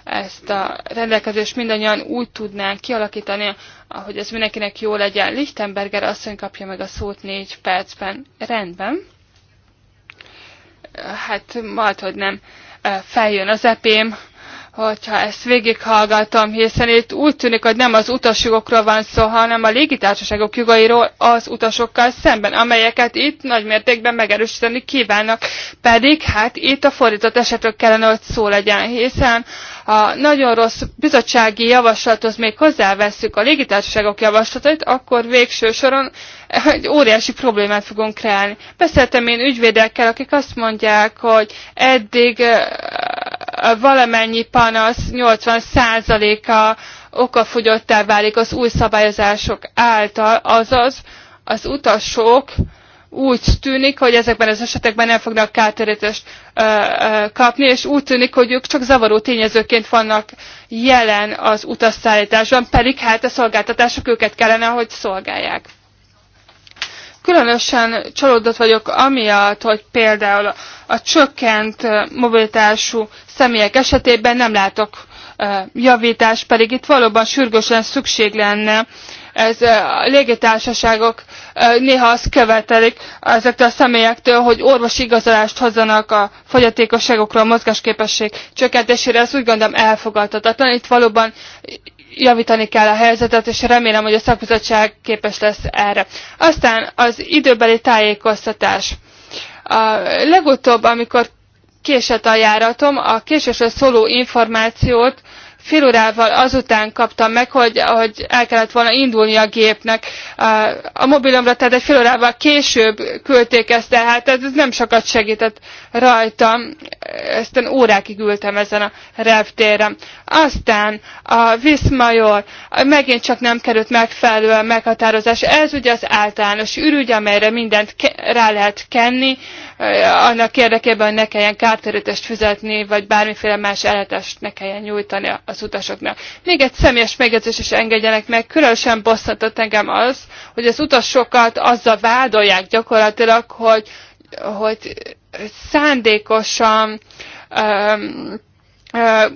ezt a rendelkezést mindannyian úgy tudnánk kialakítani, ahogy ez mindenkinek jó legyen. Lichtenberger asszony kapja meg a szót négy percben. Rendben. Hát majd, hogy nem feljön az epém, hogyha ezt végighallgatom, hiszen itt úgy tűnik, hogy nem az utasjogokról van szó, hanem a légitársaságok jogairól az utasokkal szemben, amelyeket itt nagy mértékben megerősíteni kívánnak. Pedig hát itt a fordított esetről kellene, hogy szó legyen, hiszen a nagyon rossz bizottsági javaslathoz még hozzáveszünk a légitársaságok javaslatait, akkor végső soron egy óriási problémát fogunk kreálni. Beszéltem én ügyvédekkel, akik azt mondják, hogy eddig valamennyi panasz 80%-a okafogyottá válik az új szabályozások által, azaz az utasok úgy tűnik, hogy ezekben az esetekben nem fognak kártérítést kapni, és úgy tűnik, hogy ők csak zavaró tényezőként vannak jelen az utasszállításban, pedig hát a szolgáltatások őket kellene, hogy szolgálják. Különösen csalódott vagyok amiatt, hogy például a csökkent mobilitású személyek esetében nem látok javítást, pedig itt valóban sürgősen szükség lenne. Ez a légitársaságok néha azt követelik ezektől a személyektől, hogy orvosi igazolást hozzanak a fogyatékosságokról, a mozgásképesség csökkentésére. Ez úgy gondolom elfogadhatatlan. Itt valóban javítani kell a helyzetet, és remélem, hogy a szakbizottság képes lesz erre. Aztán az időbeli tájékoztatás. A legutóbb, amikor késett a járatom, a késésről szóló információt fél órával azután kaptam meg, hogy, hogy el kellett volna indulni a gépnek a mobilomra, tehát egy fél órával később küldték ezt el, hát ez nem sokat segített rajtam, ezt órákig ültem ezen a reptéren. Aztán a Viszmajor megint csak nem került a meghatározás. Ez ugye az általános ürügy, amelyre mindent rá lehet kenni, annak érdekében, hogy ne kelljen kártérítést fizetni, vagy bármiféle más ellátást ne kelljen nyújtani az utasoknak. Még egy személyes megjegyzés is engedjenek meg, különösen bosszantott engem az, hogy az utasokat azzal vádolják gyakorlatilag, hogy, hogy szándékosan um,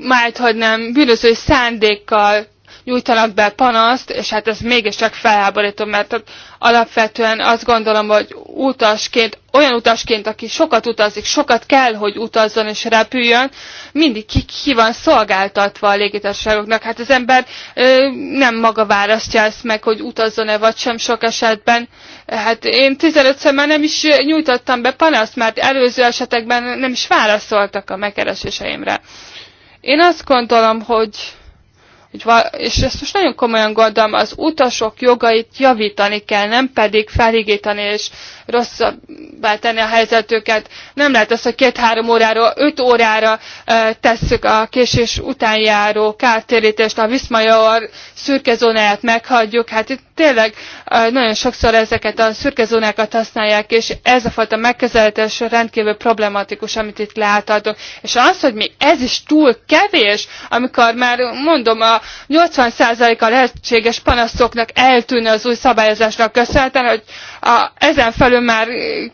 majd, hogy nem bűnözői szándékkal nyújtanak be panaszt, és hát ez mégiscsak felháborító, mert alapvetően azt gondolom, hogy utasként, olyan utasként, aki sokat utazik, sokat kell, hogy utazzon és repüljön, mindig ki, ki van szolgáltatva a légitársaságoknak. Hát az ember ö, nem maga választja ezt meg, hogy utazzon-e vagy sem sok esetben. Hát én 15-szer már nem is nyújtottam be panaszt, mert előző esetekben nem is válaszoltak a megkereséseimre. Én azt gondolom, hogy és ezt most nagyon komolyan gondolom, az utasok jogait javítani kell, nem pedig felhigítani és rosszabbá tenni a helyzetüket. Nem lehet az, hogy két-három órára, öt órára tesszük a késés után járó kártérítést, a Viszmajor szürkezónáját meghagyjuk. Hát itt tényleg nagyon sokszor ezeket a szürkezónákat használják, és ez a fajta megközelítés rendkívül problematikus, amit itt láthatunk. És az, hogy mi ez is túl kevés, amikor már mondom, a 80%-a lehetséges panaszoknak eltűnő az új szabályozásnak köszönhetően, hogy a, ezen felül már eh,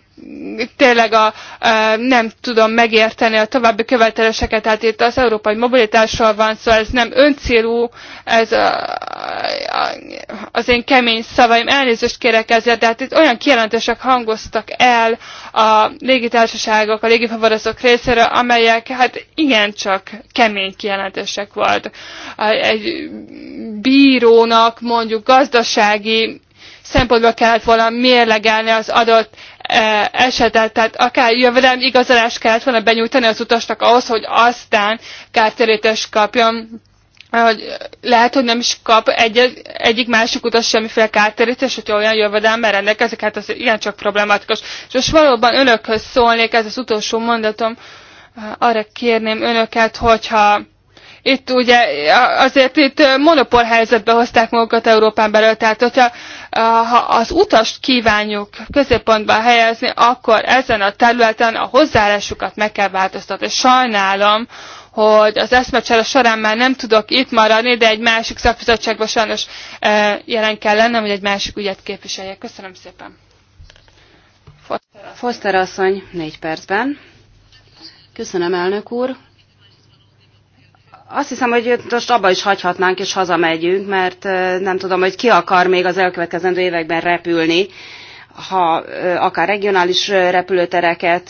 tényleg a, a, eh, nem tudom megérteni a további követeléseket, tehát itt az európai mobilitásról van szó, szóval ez nem öncélú, ez a, a, az én kemény szavaim, elnézést kérek ezért, de hát itt olyan kijelentések hangoztak el a légitársaságok, a légifavarozók részére, amelyek hát igencsak kemény kijelentések voltak Egy bírónak mondjuk gazdasági szempontból kellett volna mérlegelni az adott e, esetet, tehát akár jövedelmi igazolást kellett volna benyújtani az utasnak ahhoz, hogy aztán kártérítést kapjon hogy lehet, hogy nem is kap egy, egyik másik utas semmiféle kártérítés, hogyha olyan jövedelme rendelkezik, hát az igencsak problematikus. És most valóban önökhöz szólnék, ez az utolsó mondatom, arra kérném önöket, hogyha itt ugye azért itt monopól helyzetbe hozták magukat Európán belül, tehát hogyha ha az utast kívánjuk középpontba helyezni, akkor ezen a területen a hozzáállásukat meg kell változtatni. Sajnálom, hogy az eszmecsere során már nem tudok itt maradni, de egy másik szakbizottságban sajnos jelen kell lennem, hogy egy másik ügyet képviseljek. Köszönöm szépen. Foster asszony, négy percben. Köszönöm, elnök úr. Azt hiszem, hogy most abba is hagyhatnánk, és hazamegyünk, mert nem tudom, hogy ki akar még az elkövetkezendő években repülni, ha akár regionális repülőtereket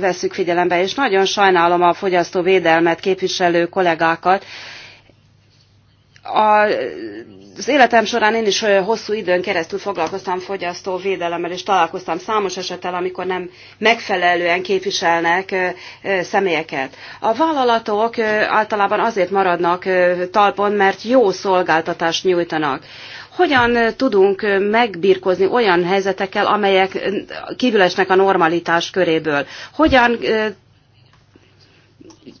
veszük figyelembe, és nagyon sajnálom a fogyasztóvédelmet képviselő kollégákat, a az életem során én is hosszú időn keresztül foglalkoztam fogyasztóvédelemmel, és találkoztam számos esettel, amikor nem megfelelően képviselnek személyeket. A vállalatok általában azért maradnak talpon, mert jó szolgáltatást nyújtanak. Hogyan tudunk megbírkozni olyan helyzetekkel, amelyek kívülesnek a normalitás köréből? Hogyan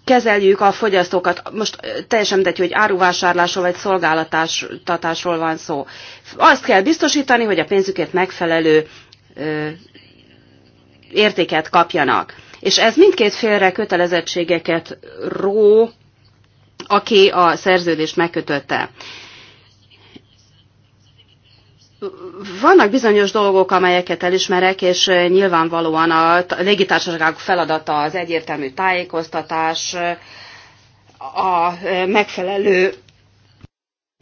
kezeljük a fogyasztókat. Most teljesen mindegy, hogy áruvásárlásról vagy szolgáltatásról van szó. Azt kell biztosítani, hogy a pénzükért megfelelő ö, értéket kapjanak. És ez mindkét félre kötelezettségeket ró, aki a szerződést megkötötte vannak bizonyos dolgok, amelyeket elismerek, és eh, nyilvánvalóan a légitársaságok feladata az egyértelmű tájékoztatás, a eh, megfelelő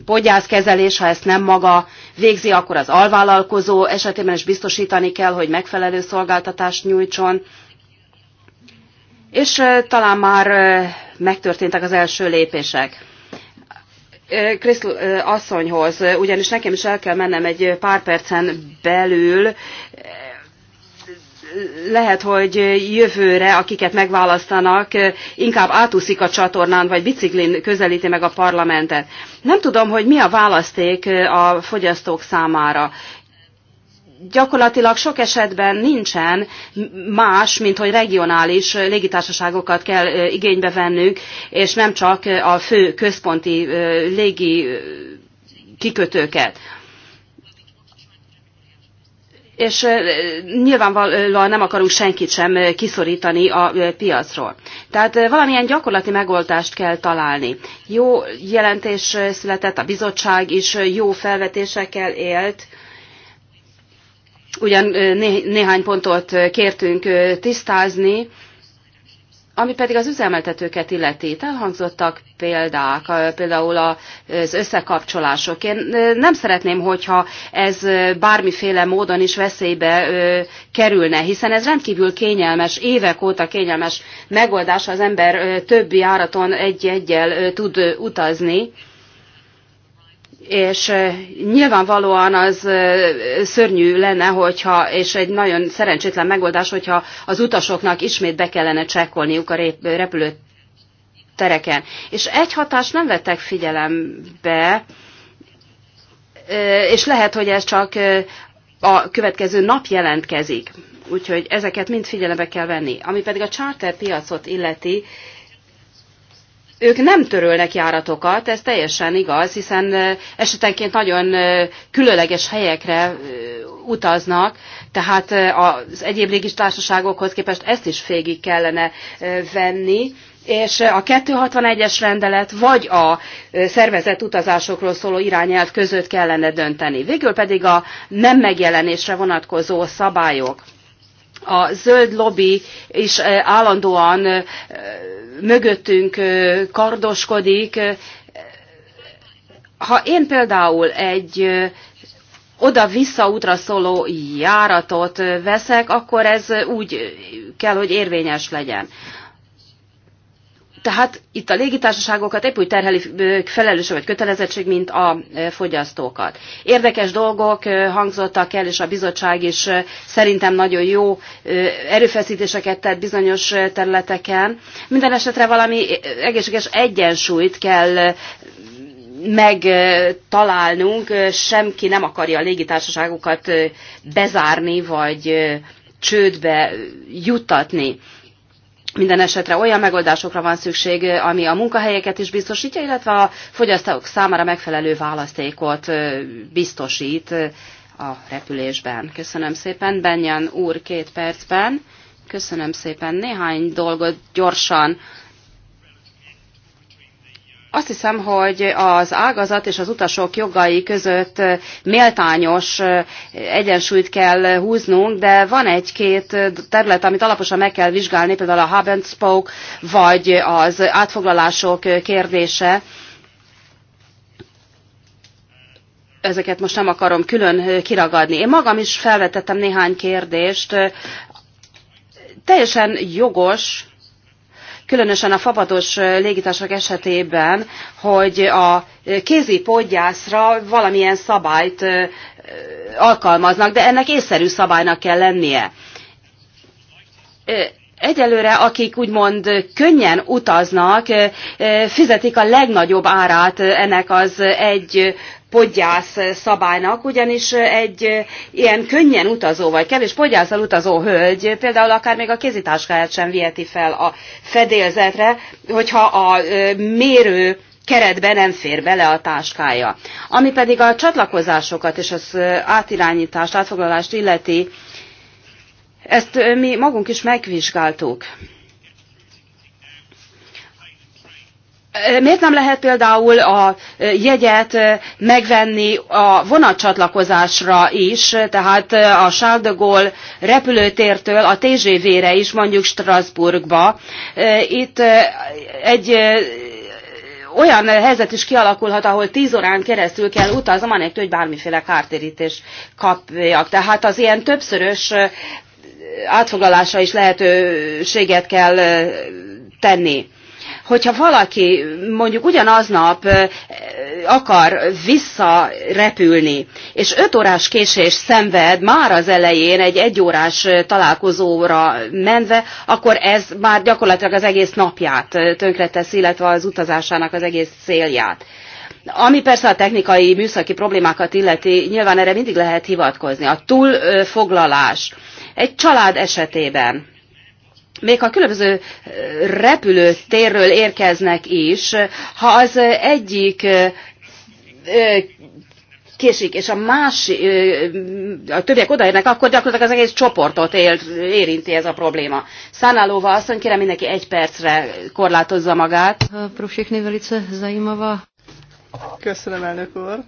podgyászkezelés, ha ezt nem maga végzi, akkor az alvállalkozó esetében is biztosítani kell, hogy megfelelő szolgáltatást nyújtson. És eh, talán már megtörténtek az első lépések. Kriszl asszonyhoz, ugyanis nekem is el kell mennem egy pár percen belül, lehet, hogy jövőre, akiket megválasztanak, inkább átúszik a csatornán, vagy biciklin közelíti meg a parlamentet. Nem tudom, hogy mi a választék a fogyasztók számára gyakorlatilag sok esetben nincsen más, mint hogy regionális légitársaságokat kell igénybe vennünk, és nem csak a fő központi légi kikötőket. És nyilvánvalóan nem akarunk senkit sem kiszorítani a piacról. Tehát valamilyen gyakorlati megoldást kell találni. Jó jelentés született, a bizottság is jó felvetésekkel élt, ugyan néhány pontot kértünk tisztázni, ami pedig az üzemeltetőket illeti, elhangzottak példák, például az összekapcsolások. Én nem szeretném, hogyha ez bármiféle módon is veszélybe kerülne, hiszen ez rendkívül kényelmes, évek óta kényelmes megoldás, az ember többi áraton egy-egyel tud utazni és nyilvánvalóan az szörnyű lenne, hogyha, és egy nagyon szerencsétlen megoldás, hogyha az utasoknak ismét be kellene csekkolniuk a repülőtereken. És egy hatást nem vettek figyelembe, és lehet, hogy ez csak a következő nap jelentkezik. Úgyhogy ezeket mind figyelembe kell venni. Ami pedig a charter piacot illeti, ők nem törölnek járatokat, ez teljesen igaz, hiszen esetenként nagyon különleges helyekre utaznak, tehát az egyéb légistársaságokhoz képest ezt is végig kellene venni, és a 261-es rendelet vagy a szervezett utazásokról szóló irányelv között kellene dönteni. Végül pedig a nem megjelenésre vonatkozó szabályok. A zöld lobby is állandóan mögöttünk kardoskodik. Ha én például egy oda-vissza útra szóló járatot veszek, akkor ez úgy kell, hogy érvényes legyen. Tehát itt a légitársaságokat épp úgy terheli felelősség vagy kötelezettség, mint a fogyasztókat. Érdekes dolgok hangzottak el, és a bizottság is szerintem nagyon jó erőfeszítéseket tett bizonyos területeken. Minden esetre valami egészséges egyensúlyt kell megtalálnunk, semki nem akarja a légitársaságokat bezárni, vagy csődbe juttatni. Minden esetre olyan megoldásokra van szükség, ami a munkahelyeket is biztosítja, illetve a fogyasztók számára megfelelő választékot biztosít a repülésben. Köszönöm szépen, Benyan úr két percben. Köszönöm szépen. Néhány dolgot gyorsan azt hiszem, hogy az ágazat és az utasok jogai között méltányos egyensúlyt kell húznunk, de van egy-két terület, amit alaposan meg kell vizsgálni, például a hub and spoke, vagy az átfoglalások kérdése. Ezeket most nem akarom külön kiragadni. Én magam is felvetettem néhány kérdést. Teljesen jogos, különösen a fapados légitársak esetében, hogy a kézi podgyászra valamilyen szabályt alkalmaznak, de ennek észszerű szabálynak kell lennie egyelőre akik úgymond könnyen utaznak, fizetik a legnagyobb árát ennek az egy podgyász szabálynak, ugyanis egy ilyen könnyen utazó, vagy kevés podgyászal utazó hölgy például akár még a kézitáskáját sem viheti fel a fedélzetre, hogyha a mérő keretben nem fér bele a táskája. Ami pedig a csatlakozásokat és az átirányítást, átfoglalást illeti, ezt mi magunk is megvizsgáltuk. Miért nem lehet például a jegyet megvenni a vonatcsatlakozásra is, tehát a Charles de Gaulle repülőtértől a TGV-re is, mondjuk Strasbourgba. Itt egy olyan helyzet is kialakulhat, ahol tíz órán keresztül kell utaznom, anélkül, hogy bármiféle kártérítés kapjak. Tehát az ilyen többszörös átfoglalásra is lehetőséget kell tenni. Hogyha valaki mondjuk ugyanaznap akar visszarepülni, és öt órás késés szenved már az elején egy egyórás találkozóra menve, akkor ez már gyakorlatilag az egész napját tönkretesz, illetve az utazásának az egész célját. Ami persze a technikai, műszaki problémákat illeti, nyilván erre mindig lehet hivatkozni. A túlfoglalás egy család esetében, még ha különböző repülőtérről érkeznek is, ha az egyik késik, és a másik, a többiek odaérnek, akkor gyakorlatilag az egész csoportot él, érinti ez a probléma. Szánálóval azt mondja, kérem mindenki egy percre korlátozza magát. Pro velice zajímavá Köszönöm, elnök úr.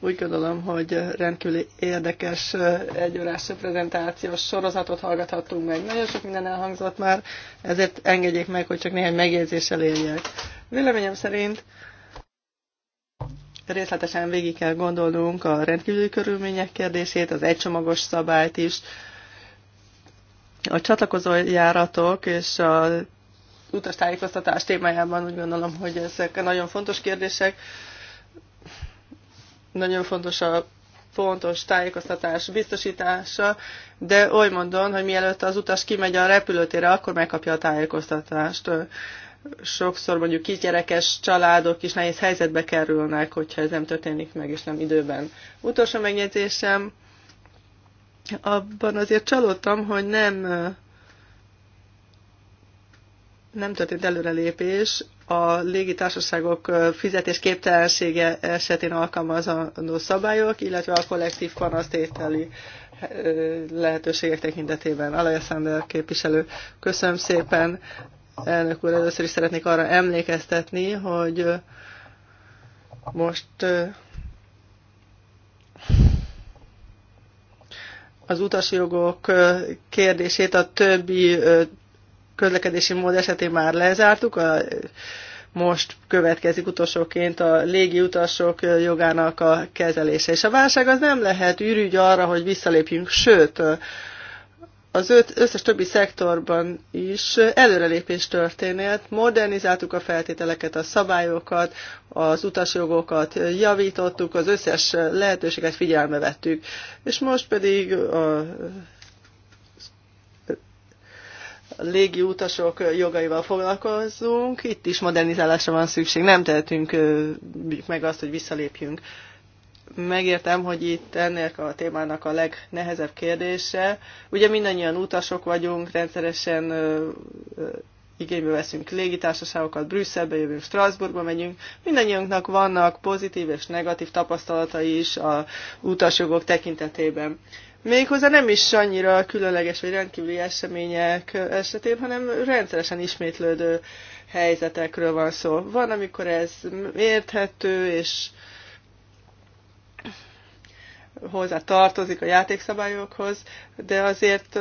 Úgy gondolom, hogy rendkívül érdekes egyórás prezentációs sorozatot hallgathattunk meg. Nagyon sok minden elhangzott már, ezért engedjék meg, hogy csak néhány megjegyzéssel éljek. Véleményem szerint részletesen végig kell gondolnunk a rendkívüli körülmények kérdését, az egycsomagos szabályt is, a csatlakozó járatok és a utas tájékoztatás témájában úgy gondolom, hogy ezek nagyon fontos kérdések. Nagyon fontos a fontos tájékoztatás biztosítása, de oly mondom, hogy mielőtt az utas kimegy a repülőtérre, akkor megkapja a tájékoztatást. Sokszor mondjuk kisgyerekes családok is nehéz helyzetbe kerülnek, hogyha ez nem történik meg, és nem időben. Utolsó megjegyzésem, abban azért csalódtam, hogy nem nem történt előrelépés, a légitársaságok fizetésképtelensége esetén alkalmazandó szabályok, illetve a kollektív panasztételi lehetőségek tekintetében. Alexander képviselő, köszönöm szépen. Elnök úr, először is szeretnék arra emlékeztetni, hogy most az utasjogok kérdését a többi közlekedési mód esetén már lezártuk, a, most következik utolsóként a légi utasok jogának a kezelése. És a válság az nem lehet ürügy arra, hogy visszalépjünk, sőt, az öt, összes többi szektorban is előrelépés történt, modernizáltuk a feltételeket, a szabályokat, az utasjogokat javítottuk, az összes lehetőséget figyelme vettük. És most pedig a légi utasok jogaival foglalkozunk, itt is modernizálásra van szükség, nem tehetünk meg azt, hogy visszalépjünk. Megértem, hogy itt ennek a témának a legnehezebb kérdése. Ugye mindannyian utasok vagyunk, rendszeresen igénybe veszünk légitársaságokat, Brüsszelbe jövünk, Strasbourgba megyünk. Mindannyiunknak vannak pozitív és negatív tapasztalatai is a utasjogok tekintetében. Méghozzá nem is annyira különleges vagy rendkívüli események esetén, hanem rendszeresen ismétlődő helyzetekről van szó. Van, amikor ez érthető, és hozzá tartozik a játékszabályokhoz, de azért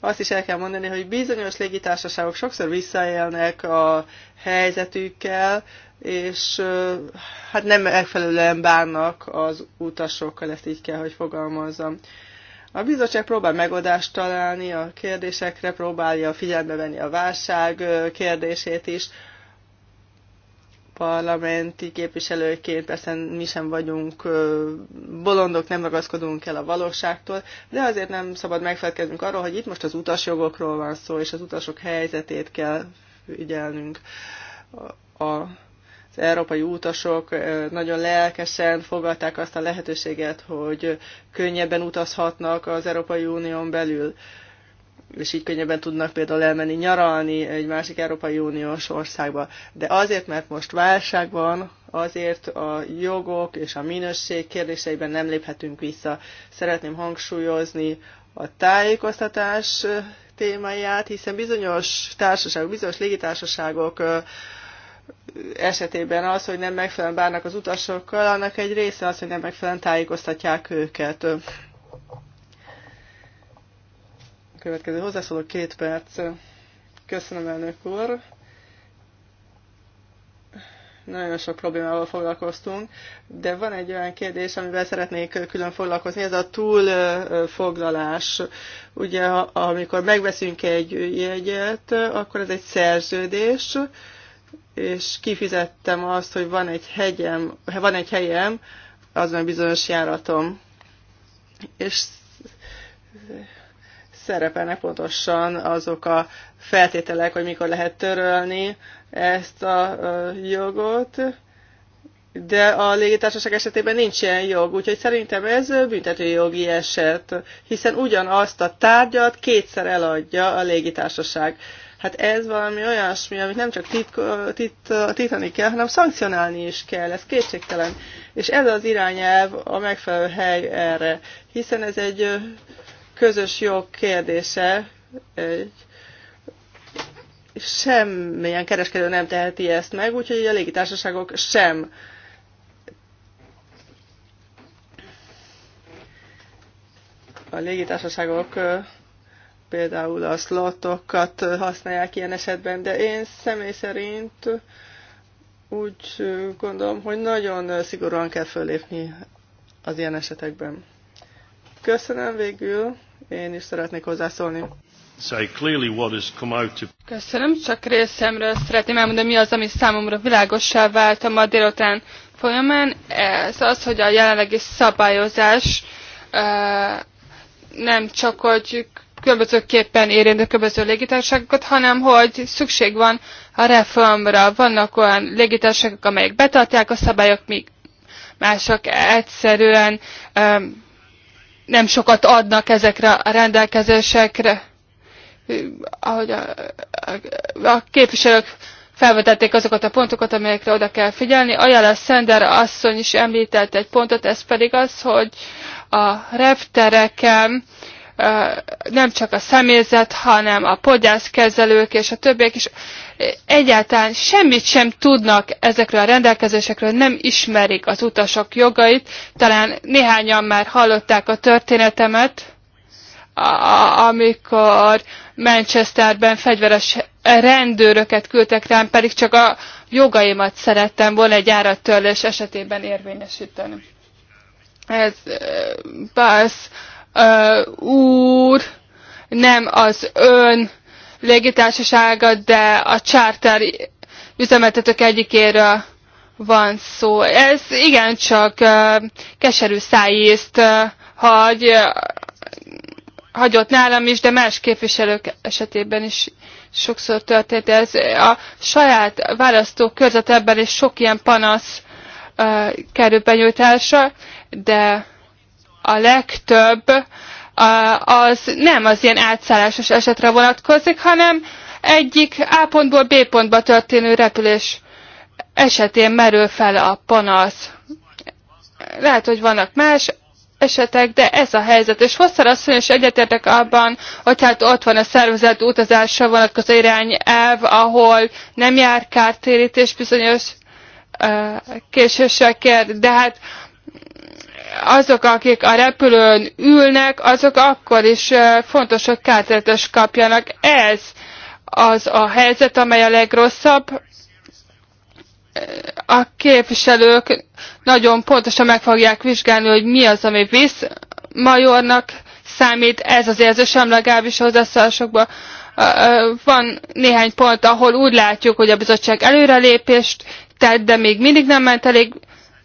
azt is el kell mondani, hogy bizonyos légitársaságok sokszor visszaélnek a helyzetükkel, és hát nem megfelelően bánnak az utasokkal, ezt így kell, hogy fogalmazzam. A bizottság próbál megoldást találni a kérdésekre, próbálja figyelme venni a válság kérdését is, parlamenti képviselőként persze mi sem vagyunk bolondok, nem ragaszkodunk el a valóságtól, de azért nem szabad megfelelkeznünk arról, hogy itt most az utasjogokról van szó, és az utasok helyzetét kell figyelnünk. A, az európai utasok nagyon lelkesen fogadták azt a lehetőséget, hogy könnyebben utazhatnak az Európai Unión belül és így könnyebben tudnak például elmenni nyaralni egy másik Európai Uniós országba. De azért, mert most válság van, azért a jogok és a minőség kérdéseiben nem léphetünk vissza. Szeretném hangsúlyozni a tájékoztatás témáját, hiszen bizonyos társaságok, bizonyos légitársaságok esetében az, hogy nem megfelelően bánnak az utasokkal, annak egy része az, hogy nem megfelelően tájékoztatják őket. Következő hozzászóló két perc. Köszönöm, elnök úr. Nagyon sok problémával foglalkoztunk, de van egy olyan kérdés, amivel szeretnék külön foglalkozni, ez a túlfoglalás. Ugye, amikor megveszünk egy jegyet, akkor ez egy szerződés, és kifizettem azt, hogy van egy hegyem, van egy helyem, az meg bizonyos járatom. És szerepelnek pontosan azok a feltételek, hogy mikor lehet törölni ezt a jogot, de a légitársaság esetében nincs ilyen jog, úgyhogy szerintem ez büntetőjogi eset, hiszen ugyanazt a tárgyat kétszer eladja a légitársaság. Hát ez valami olyasmi, amit nem csak titani tit, kell, hanem szankcionálni is kell, ez kétségtelen. És ez az irányelv a megfelelő hely erre, hiszen ez egy közös jog kérdése, egy semmilyen kereskedő nem teheti ezt meg, úgyhogy a légitársaságok sem. A légitársaságok például a slotokat használják ilyen esetben, de én személy szerint úgy gondolom, hogy nagyon szigorúan kell fölépni az ilyen esetekben. Köszönöm végül. Én is szeretnék hozzászólni. Köszönöm, csak részemről szeretném elmondani, mi az, ami számomra világossá vált a ma délután folyamán. Ez az, hogy a jelenlegi szabályozás nem csak, hogy különbözőképpen érint a különböző légitársaságokat, hanem hogy szükség van a reformra. Vannak olyan légitársaságok, amelyek betartják a szabályok, míg mások egyszerűen um, nem sokat adnak ezekre a rendelkezésekre. Ahogy a, a, a képviselők felvetették azokat a pontokat, amelyekre oda kell figyelni. Ajala Szender asszony is említett egy pontot, ez pedig az, hogy a reptereken nem csak a személyzet, hanem a podgyászkezelők és a többiek is egyáltalán semmit sem tudnak ezekről a rendelkezésekről, nem ismerik az utasok jogait. Talán néhányan már hallották a történetemet, amikor Manchesterben fegyveres rendőröket küldtek rám, pedig csak a jogaimat szerettem volna egy árattörlés esetében érvényesíteni. Ez Bász úr nem az ön légitársaságot, de a charter üzemeltetők egyikéről van szó. Ez igencsak keserű szájízt hagy, hagyott nálam is, de más képviselők esetében is sokszor történt ez. A saját választó körzetemben is sok ilyen panasz kerül benyújtásra, de a legtöbb az nem az ilyen átszállásos esetre vonatkozik, hanem egyik A pontból B pontba történő repülés esetén merül fel a panasz. Lehet, hogy vannak más esetek, de ez a helyzet. És azt mondja, és egyetértek abban, hogy hát ott van a szervezett utazásra vonatkozó elv, ahol nem jár kártérítés bizonyos uh, késősekért, de hát azok, akik a repülőn ülnek, azok akkor is fontos, hogy kártérítést kapjanak. Ez az a helyzet, amely a legrosszabb. A képviselők nagyon pontosan meg fogják vizsgálni, hogy mi az, ami visz majornak számít. Ez az érzésem legalábbis hozzászólásokban. Van néhány pont, ahol úgy látjuk, hogy a bizottság előrelépést tett, de még mindig nem ment elég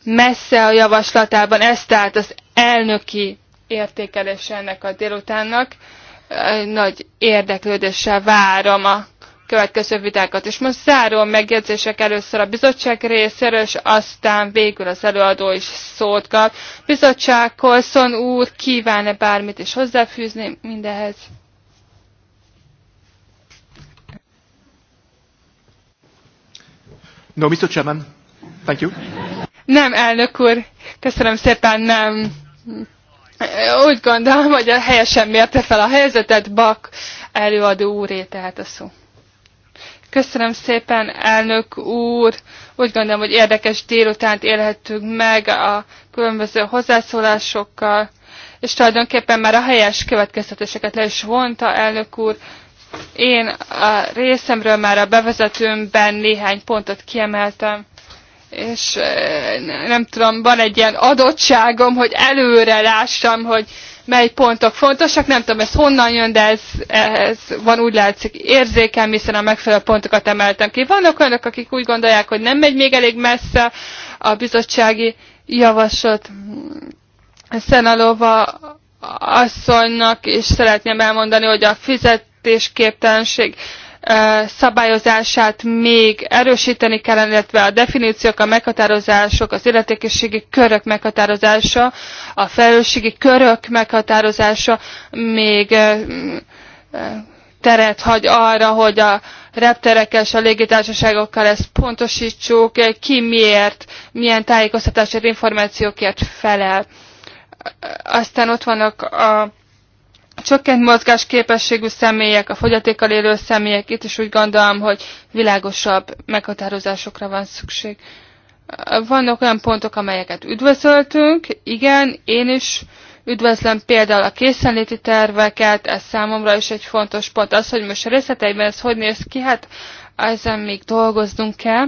messze a javaslatában, ez tehát az elnöki értékelés ennek a délutánnak. Nagy érdeklődéssel várom a következő vitákat. És most záró megjegyzések először a bizottság részéről, és aztán végül az előadó is szót kap. Bizottság, Kolszon úr, kíván-e bármit is hozzáfűzni mindehez? No, Mr. Chairman, Thank you. Nem, elnök úr. Köszönöm szépen, nem. Úgy gondolom, hogy a helyesen mérte fel a helyzetet, Bak előadó úré tehát a szó. Köszönöm szépen, elnök úr! Úgy gondolom, hogy érdekes délutánt élhettünk meg a különböző hozzászólásokkal, és tulajdonképpen már a helyes következtetéseket le is vonta, elnök úr. Én a részemről már a bevezetőmben néhány pontot kiemeltem és eh, nem tudom, van egy ilyen adottságom, hogy előre lássam, hogy mely pontok fontosak, nem tudom, ez honnan jön, de ez, ez van úgy látszik érzékem, hiszen a megfelelő pontokat emeltem ki. Vannak olyanok, akik úgy gondolják, hogy nem megy még elég messze a bizottsági javaslat. Szenalova asszonynak, és szeretném elmondani, hogy a fizetésképtelenség szabályozását még erősíteni kellene, illetve a definíciók, a meghatározások, az illetékességi körök meghatározása, a felelősségi körök meghatározása még teret hagy arra, hogy a repterekkel és a légitársaságokkal ezt pontosítsuk, ki miért, milyen tájékoztatásért, információkért felel. Aztán ott vannak a csökkent mozgásképességű személyek, a fogyatékkal élő személyek, itt is úgy gondolom, hogy világosabb meghatározásokra van szükség. Vannak olyan pontok, amelyeket üdvözöltünk, igen, én is üdvözlöm például a készenléti terveket, ez számomra is egy fontos pont. Az, hogy most a részleteiben ez hogy néz ki, hát ezen még dolgoznunk kell.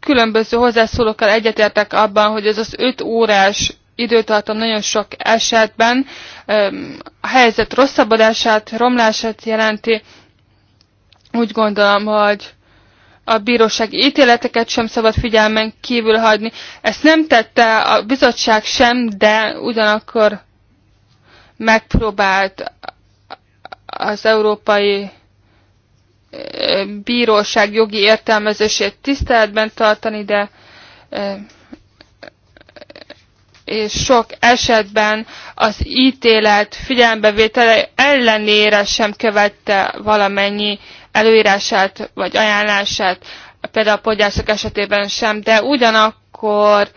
Különböző hozzászólókkal egyetértek abban, hogy ez az öt órás időtartam nagyon sok esetben a helyzet rosszabbodását, romlását jelenti. Úgy gondolom, hogy a bíróság ítéleteket sem szabad figyelmen kívül hagyni. Ezt nem tette a bizottság sem, de ugyanakkor megpróbált az európai bíróság jogi értelmezését tiszteletben tartani, de és sok esetben az ítélet figyelembevétele ellenére sem követte valamennyi előírását vagy ajánlását, például a podgyászok esetében sem, de ugyanakkor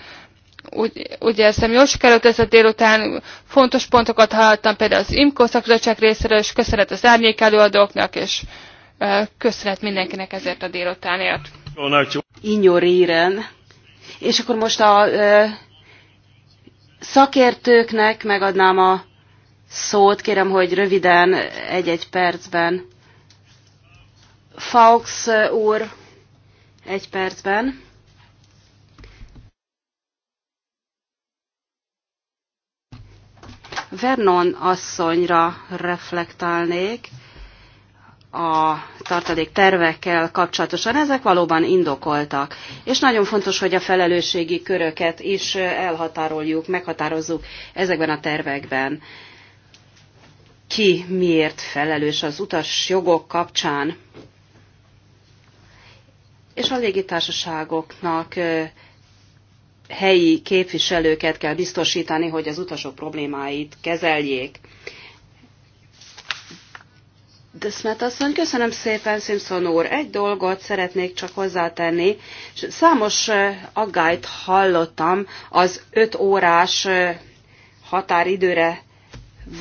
úgy, úgy érzem, jól sikerült ez a délután, fontos pontokat hallottam például az IMKO szakbizottság részéről, és köszönet az árnyék előadóknak, és köszönet mindenkinek ezért a délutánért. Inyó Réren. És akkor most a szakértőknek megadnám a szót, kérem, hogy röviden, egy-egy percben. Faux eh, úr, egy percben. Vernon asszonyra reflektálnék a tartalék tervekkel kapcsolatosan, ezek valóban indokoltak. És nagyon fontos, hogy a felelősségi köröket is elhatároljuk, meghatározzuk ezekben a tervekben. Ki miért felelős az utas jogok kapcsán? És a légitársaságoknak helyi képviselőket kell biztosítani, hogy az utasok problémáit kezeljék. Deszmet asszony, köszönöm szépen, Simpson úr. Egy dolgot szeretnék csak hozzátenni. Számos aggályt hallottam az öt órás határidőre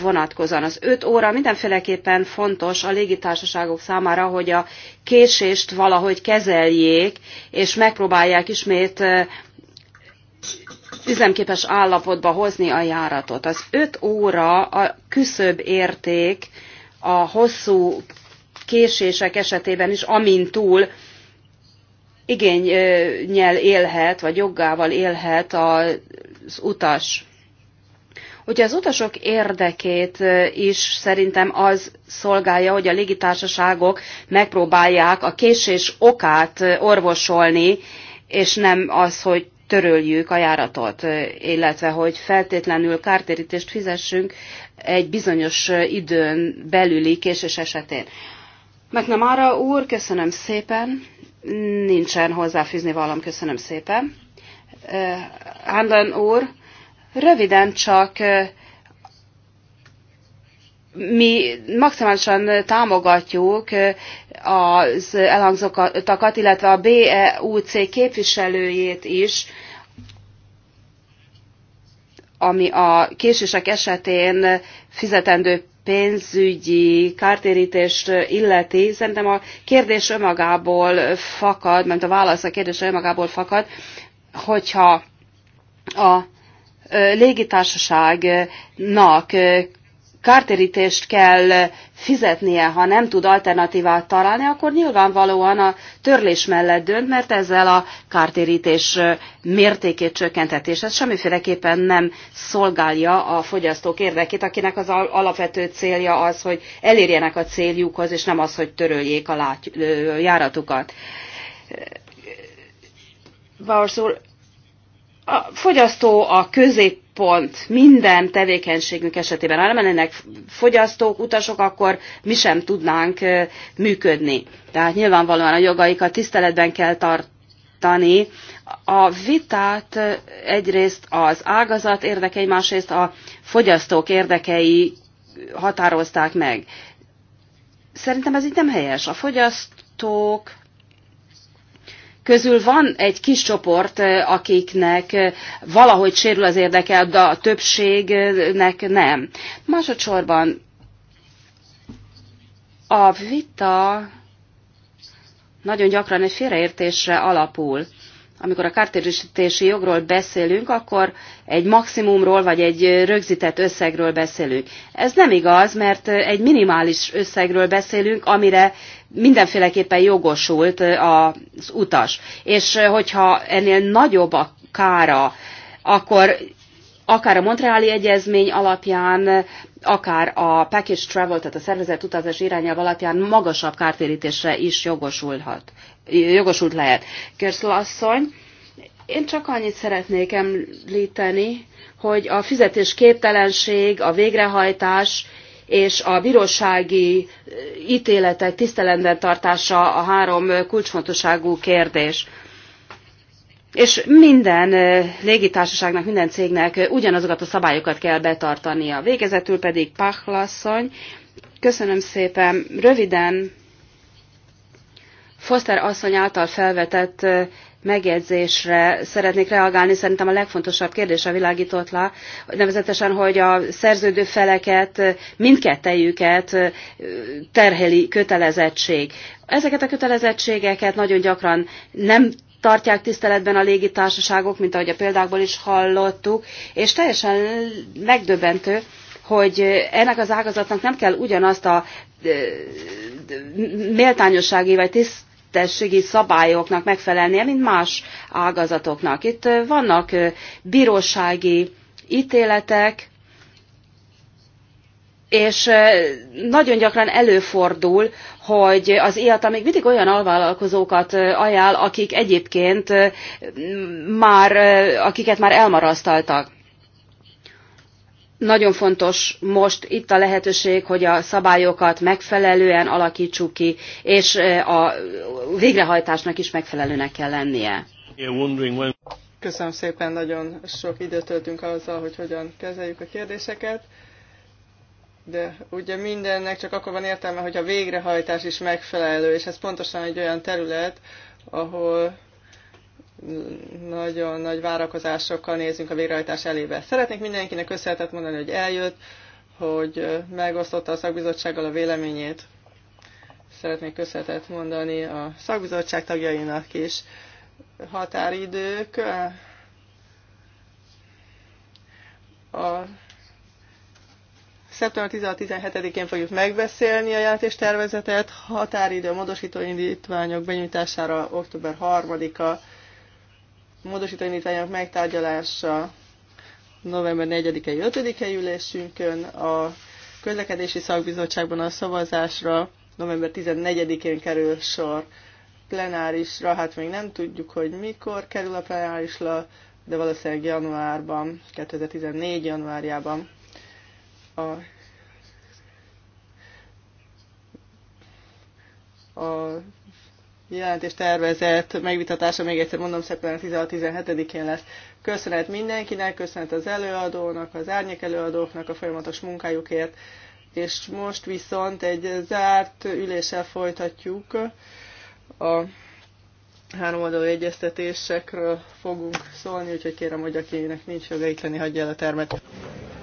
vonatkozóan. Az öt óra mindenféleképpen fontos a légitársaságok számára, hogy a késést valahogy kezeljék, és megpróbálják ismét üzemképes állapotba hozni a járatot. Az öt óra a küszöbb érték, a hosszú késések esetében is, amin túl igényel élhet, vagy joggával élhet az utas. Ugye az utasok érdekét is szerintem az szolgálja, hogy a légitársaságok megpróbálják a késés okát orvosolni, és nem az, hogy töröljük a járatot, illetve hogy feltétlenül kártérítést fizessünk egy bizonyos időn belüli késés esetén. arra úr, köszönöm szépen. Nincsen hozzáfűzni valam, köszönöm szépen. Handan eh, úr, röviden csak eh, mi maximálisan támogatjuk eh, az elhangzottakat, illetve a BEUC képviselőjét is, ami a késések esetén fizetendő pénzügyi kártérítést illeti, szerintem a kérdés önmagából fakad, mert a válasz a kérdés önmagából fakad, hogyha a légitársaságnak kártérítést kell fizetnie, ha nem tud alternatívát találni, akkor nyilvánvalóan a törlés mellett dönt, mert ezzel a kártérítés mértékét csökkentetés. Ez semmiféleképpen nem szolgálja a fogyasztók érdekét, akinek az alapvető célja az, hogy elérjenek a céljukhoz, és nem az, hogy töröljék a láty- járatukat. Bárszor, a fogyasztó a közép pont minden tevékenységünk esetében, ha nem fogyasztók, utasok, akkor mi sem tudnánk működni. Tehát nyilvánvalóan a jogaikat tiszteletben kell tartani. A vitát egyrészt az ágazat érdekei, másrészt a fogyasztók érdekei határozták meg. Szerintem ez így nem helyes. A fogyasztók közül van egy kis csoport, akiknek valahogy sérül az érdeke, de a többségnek nem. Másodszorban a vita nagyon gyakran egy félreértésre alapul. Amikor a kártérítési jogról beszélünk, akkor egy maximumról vagy egy rögzített összegről beszélünk. Ez nem igaz, mert egy minimális összegről beszélünk, amire mindenféleképpen jogosult az utas. És hogyha ennél nagyobb a kára, akkor akár a Montreali Egyezmény alapján, akár a Package Travel, tehát a szervezett utazás irányelv alapján magasabb kártérítésre is jogosulhat, jogosult lehet. Kerszla asszony, én csak annyit szeretnék említeni, hogy a fizetés képtelenség, a végrehajtás és a bírósági eh, téletek tiszteletben tartása a három eh, kulcsfontosságú kérdés. És minden eh, légitársaságnak, minden cégnek ugyanazokat a szabályokat kell betartania. Végezetül pedig Pachlasszony, köszönöm szépen, röviden Foster asszony által felvetett megjegyzésre szeretnék reagálni. Szerintem a legfontosabb a világított le, nevezetesen, hogy a szerződő feleket, mindkettejüket terheli kötelezettség. Ezeket a kötelezettségeket nagyon gyakran nem tartják tiszteletben a légitársaságok, mint ahogy a példákból is hallottuk, és teljesen megdöbbentő, hogy ennek az ágazatnak nem kell ugyanazt a méltányossági vagy tiszt mentességi szabályoknak megfelelnie, mint más ágazatoknak. Itt vannak bírósági ítéletek, és nagyon gyakran előfordul, hogy az IATA még mindig olyan alvállalkozókat ajánl, akik egyébként már, akiket már elmarasztaltak. Nagyon fontos most itt a lehetőség, hogy a szabályokat megfelelően alakítsuk ki, és a végrehajtásnak is megfelelőnek kell lennie. Köszönöm szépen, nagyon sok időt töltünk azzal, hogy hogyan kezeljük a kérdéseket. De ugye mindennek csak akkor van értelme, hogy a végrehajtás is megfelelő, és ez pontosan egy olyan terület, ahol nagyon nagy várakozásokkal nézünk a végrehajtás elébe. Szeretnék mindenkinek köszönetet mondani, hogy eljött, hogy megosztotta a szakbizottsággal a véleményét. Szeretnék köszönetet mondani a szakbizottság tagjainak is. Határidők. A szeptember 16-17-én fogjuk megbeszélni a jelentéstervezetet, határidő a módosító indítványok benyújtására október 3-a, módosítani indítványok megtárgyalása november 4-i 5 -e ülésünkön, a közlekedési szakbizottságban a szavazásra november 14-én kerül sor plenárisra, hát még nem tudjuk, hogy mikor kerül a plenárisra, de valószínűleg januárban, 2014 januárjában a, a jelentés tervezett megvitatása, még egyszer mondom, szeptember 16-17-én lesz. Köszönet mindenkinek, köszönet az előadónak, az árnyék előadóknak a folyamatos munkájukért, és most viszont egy zárt üléssel folytatjuk a oldalú egyeztetésekről fogunk szólni, úgyhogy kérem, hogy akinek nincs joga itt lenni, hagyja el a termet.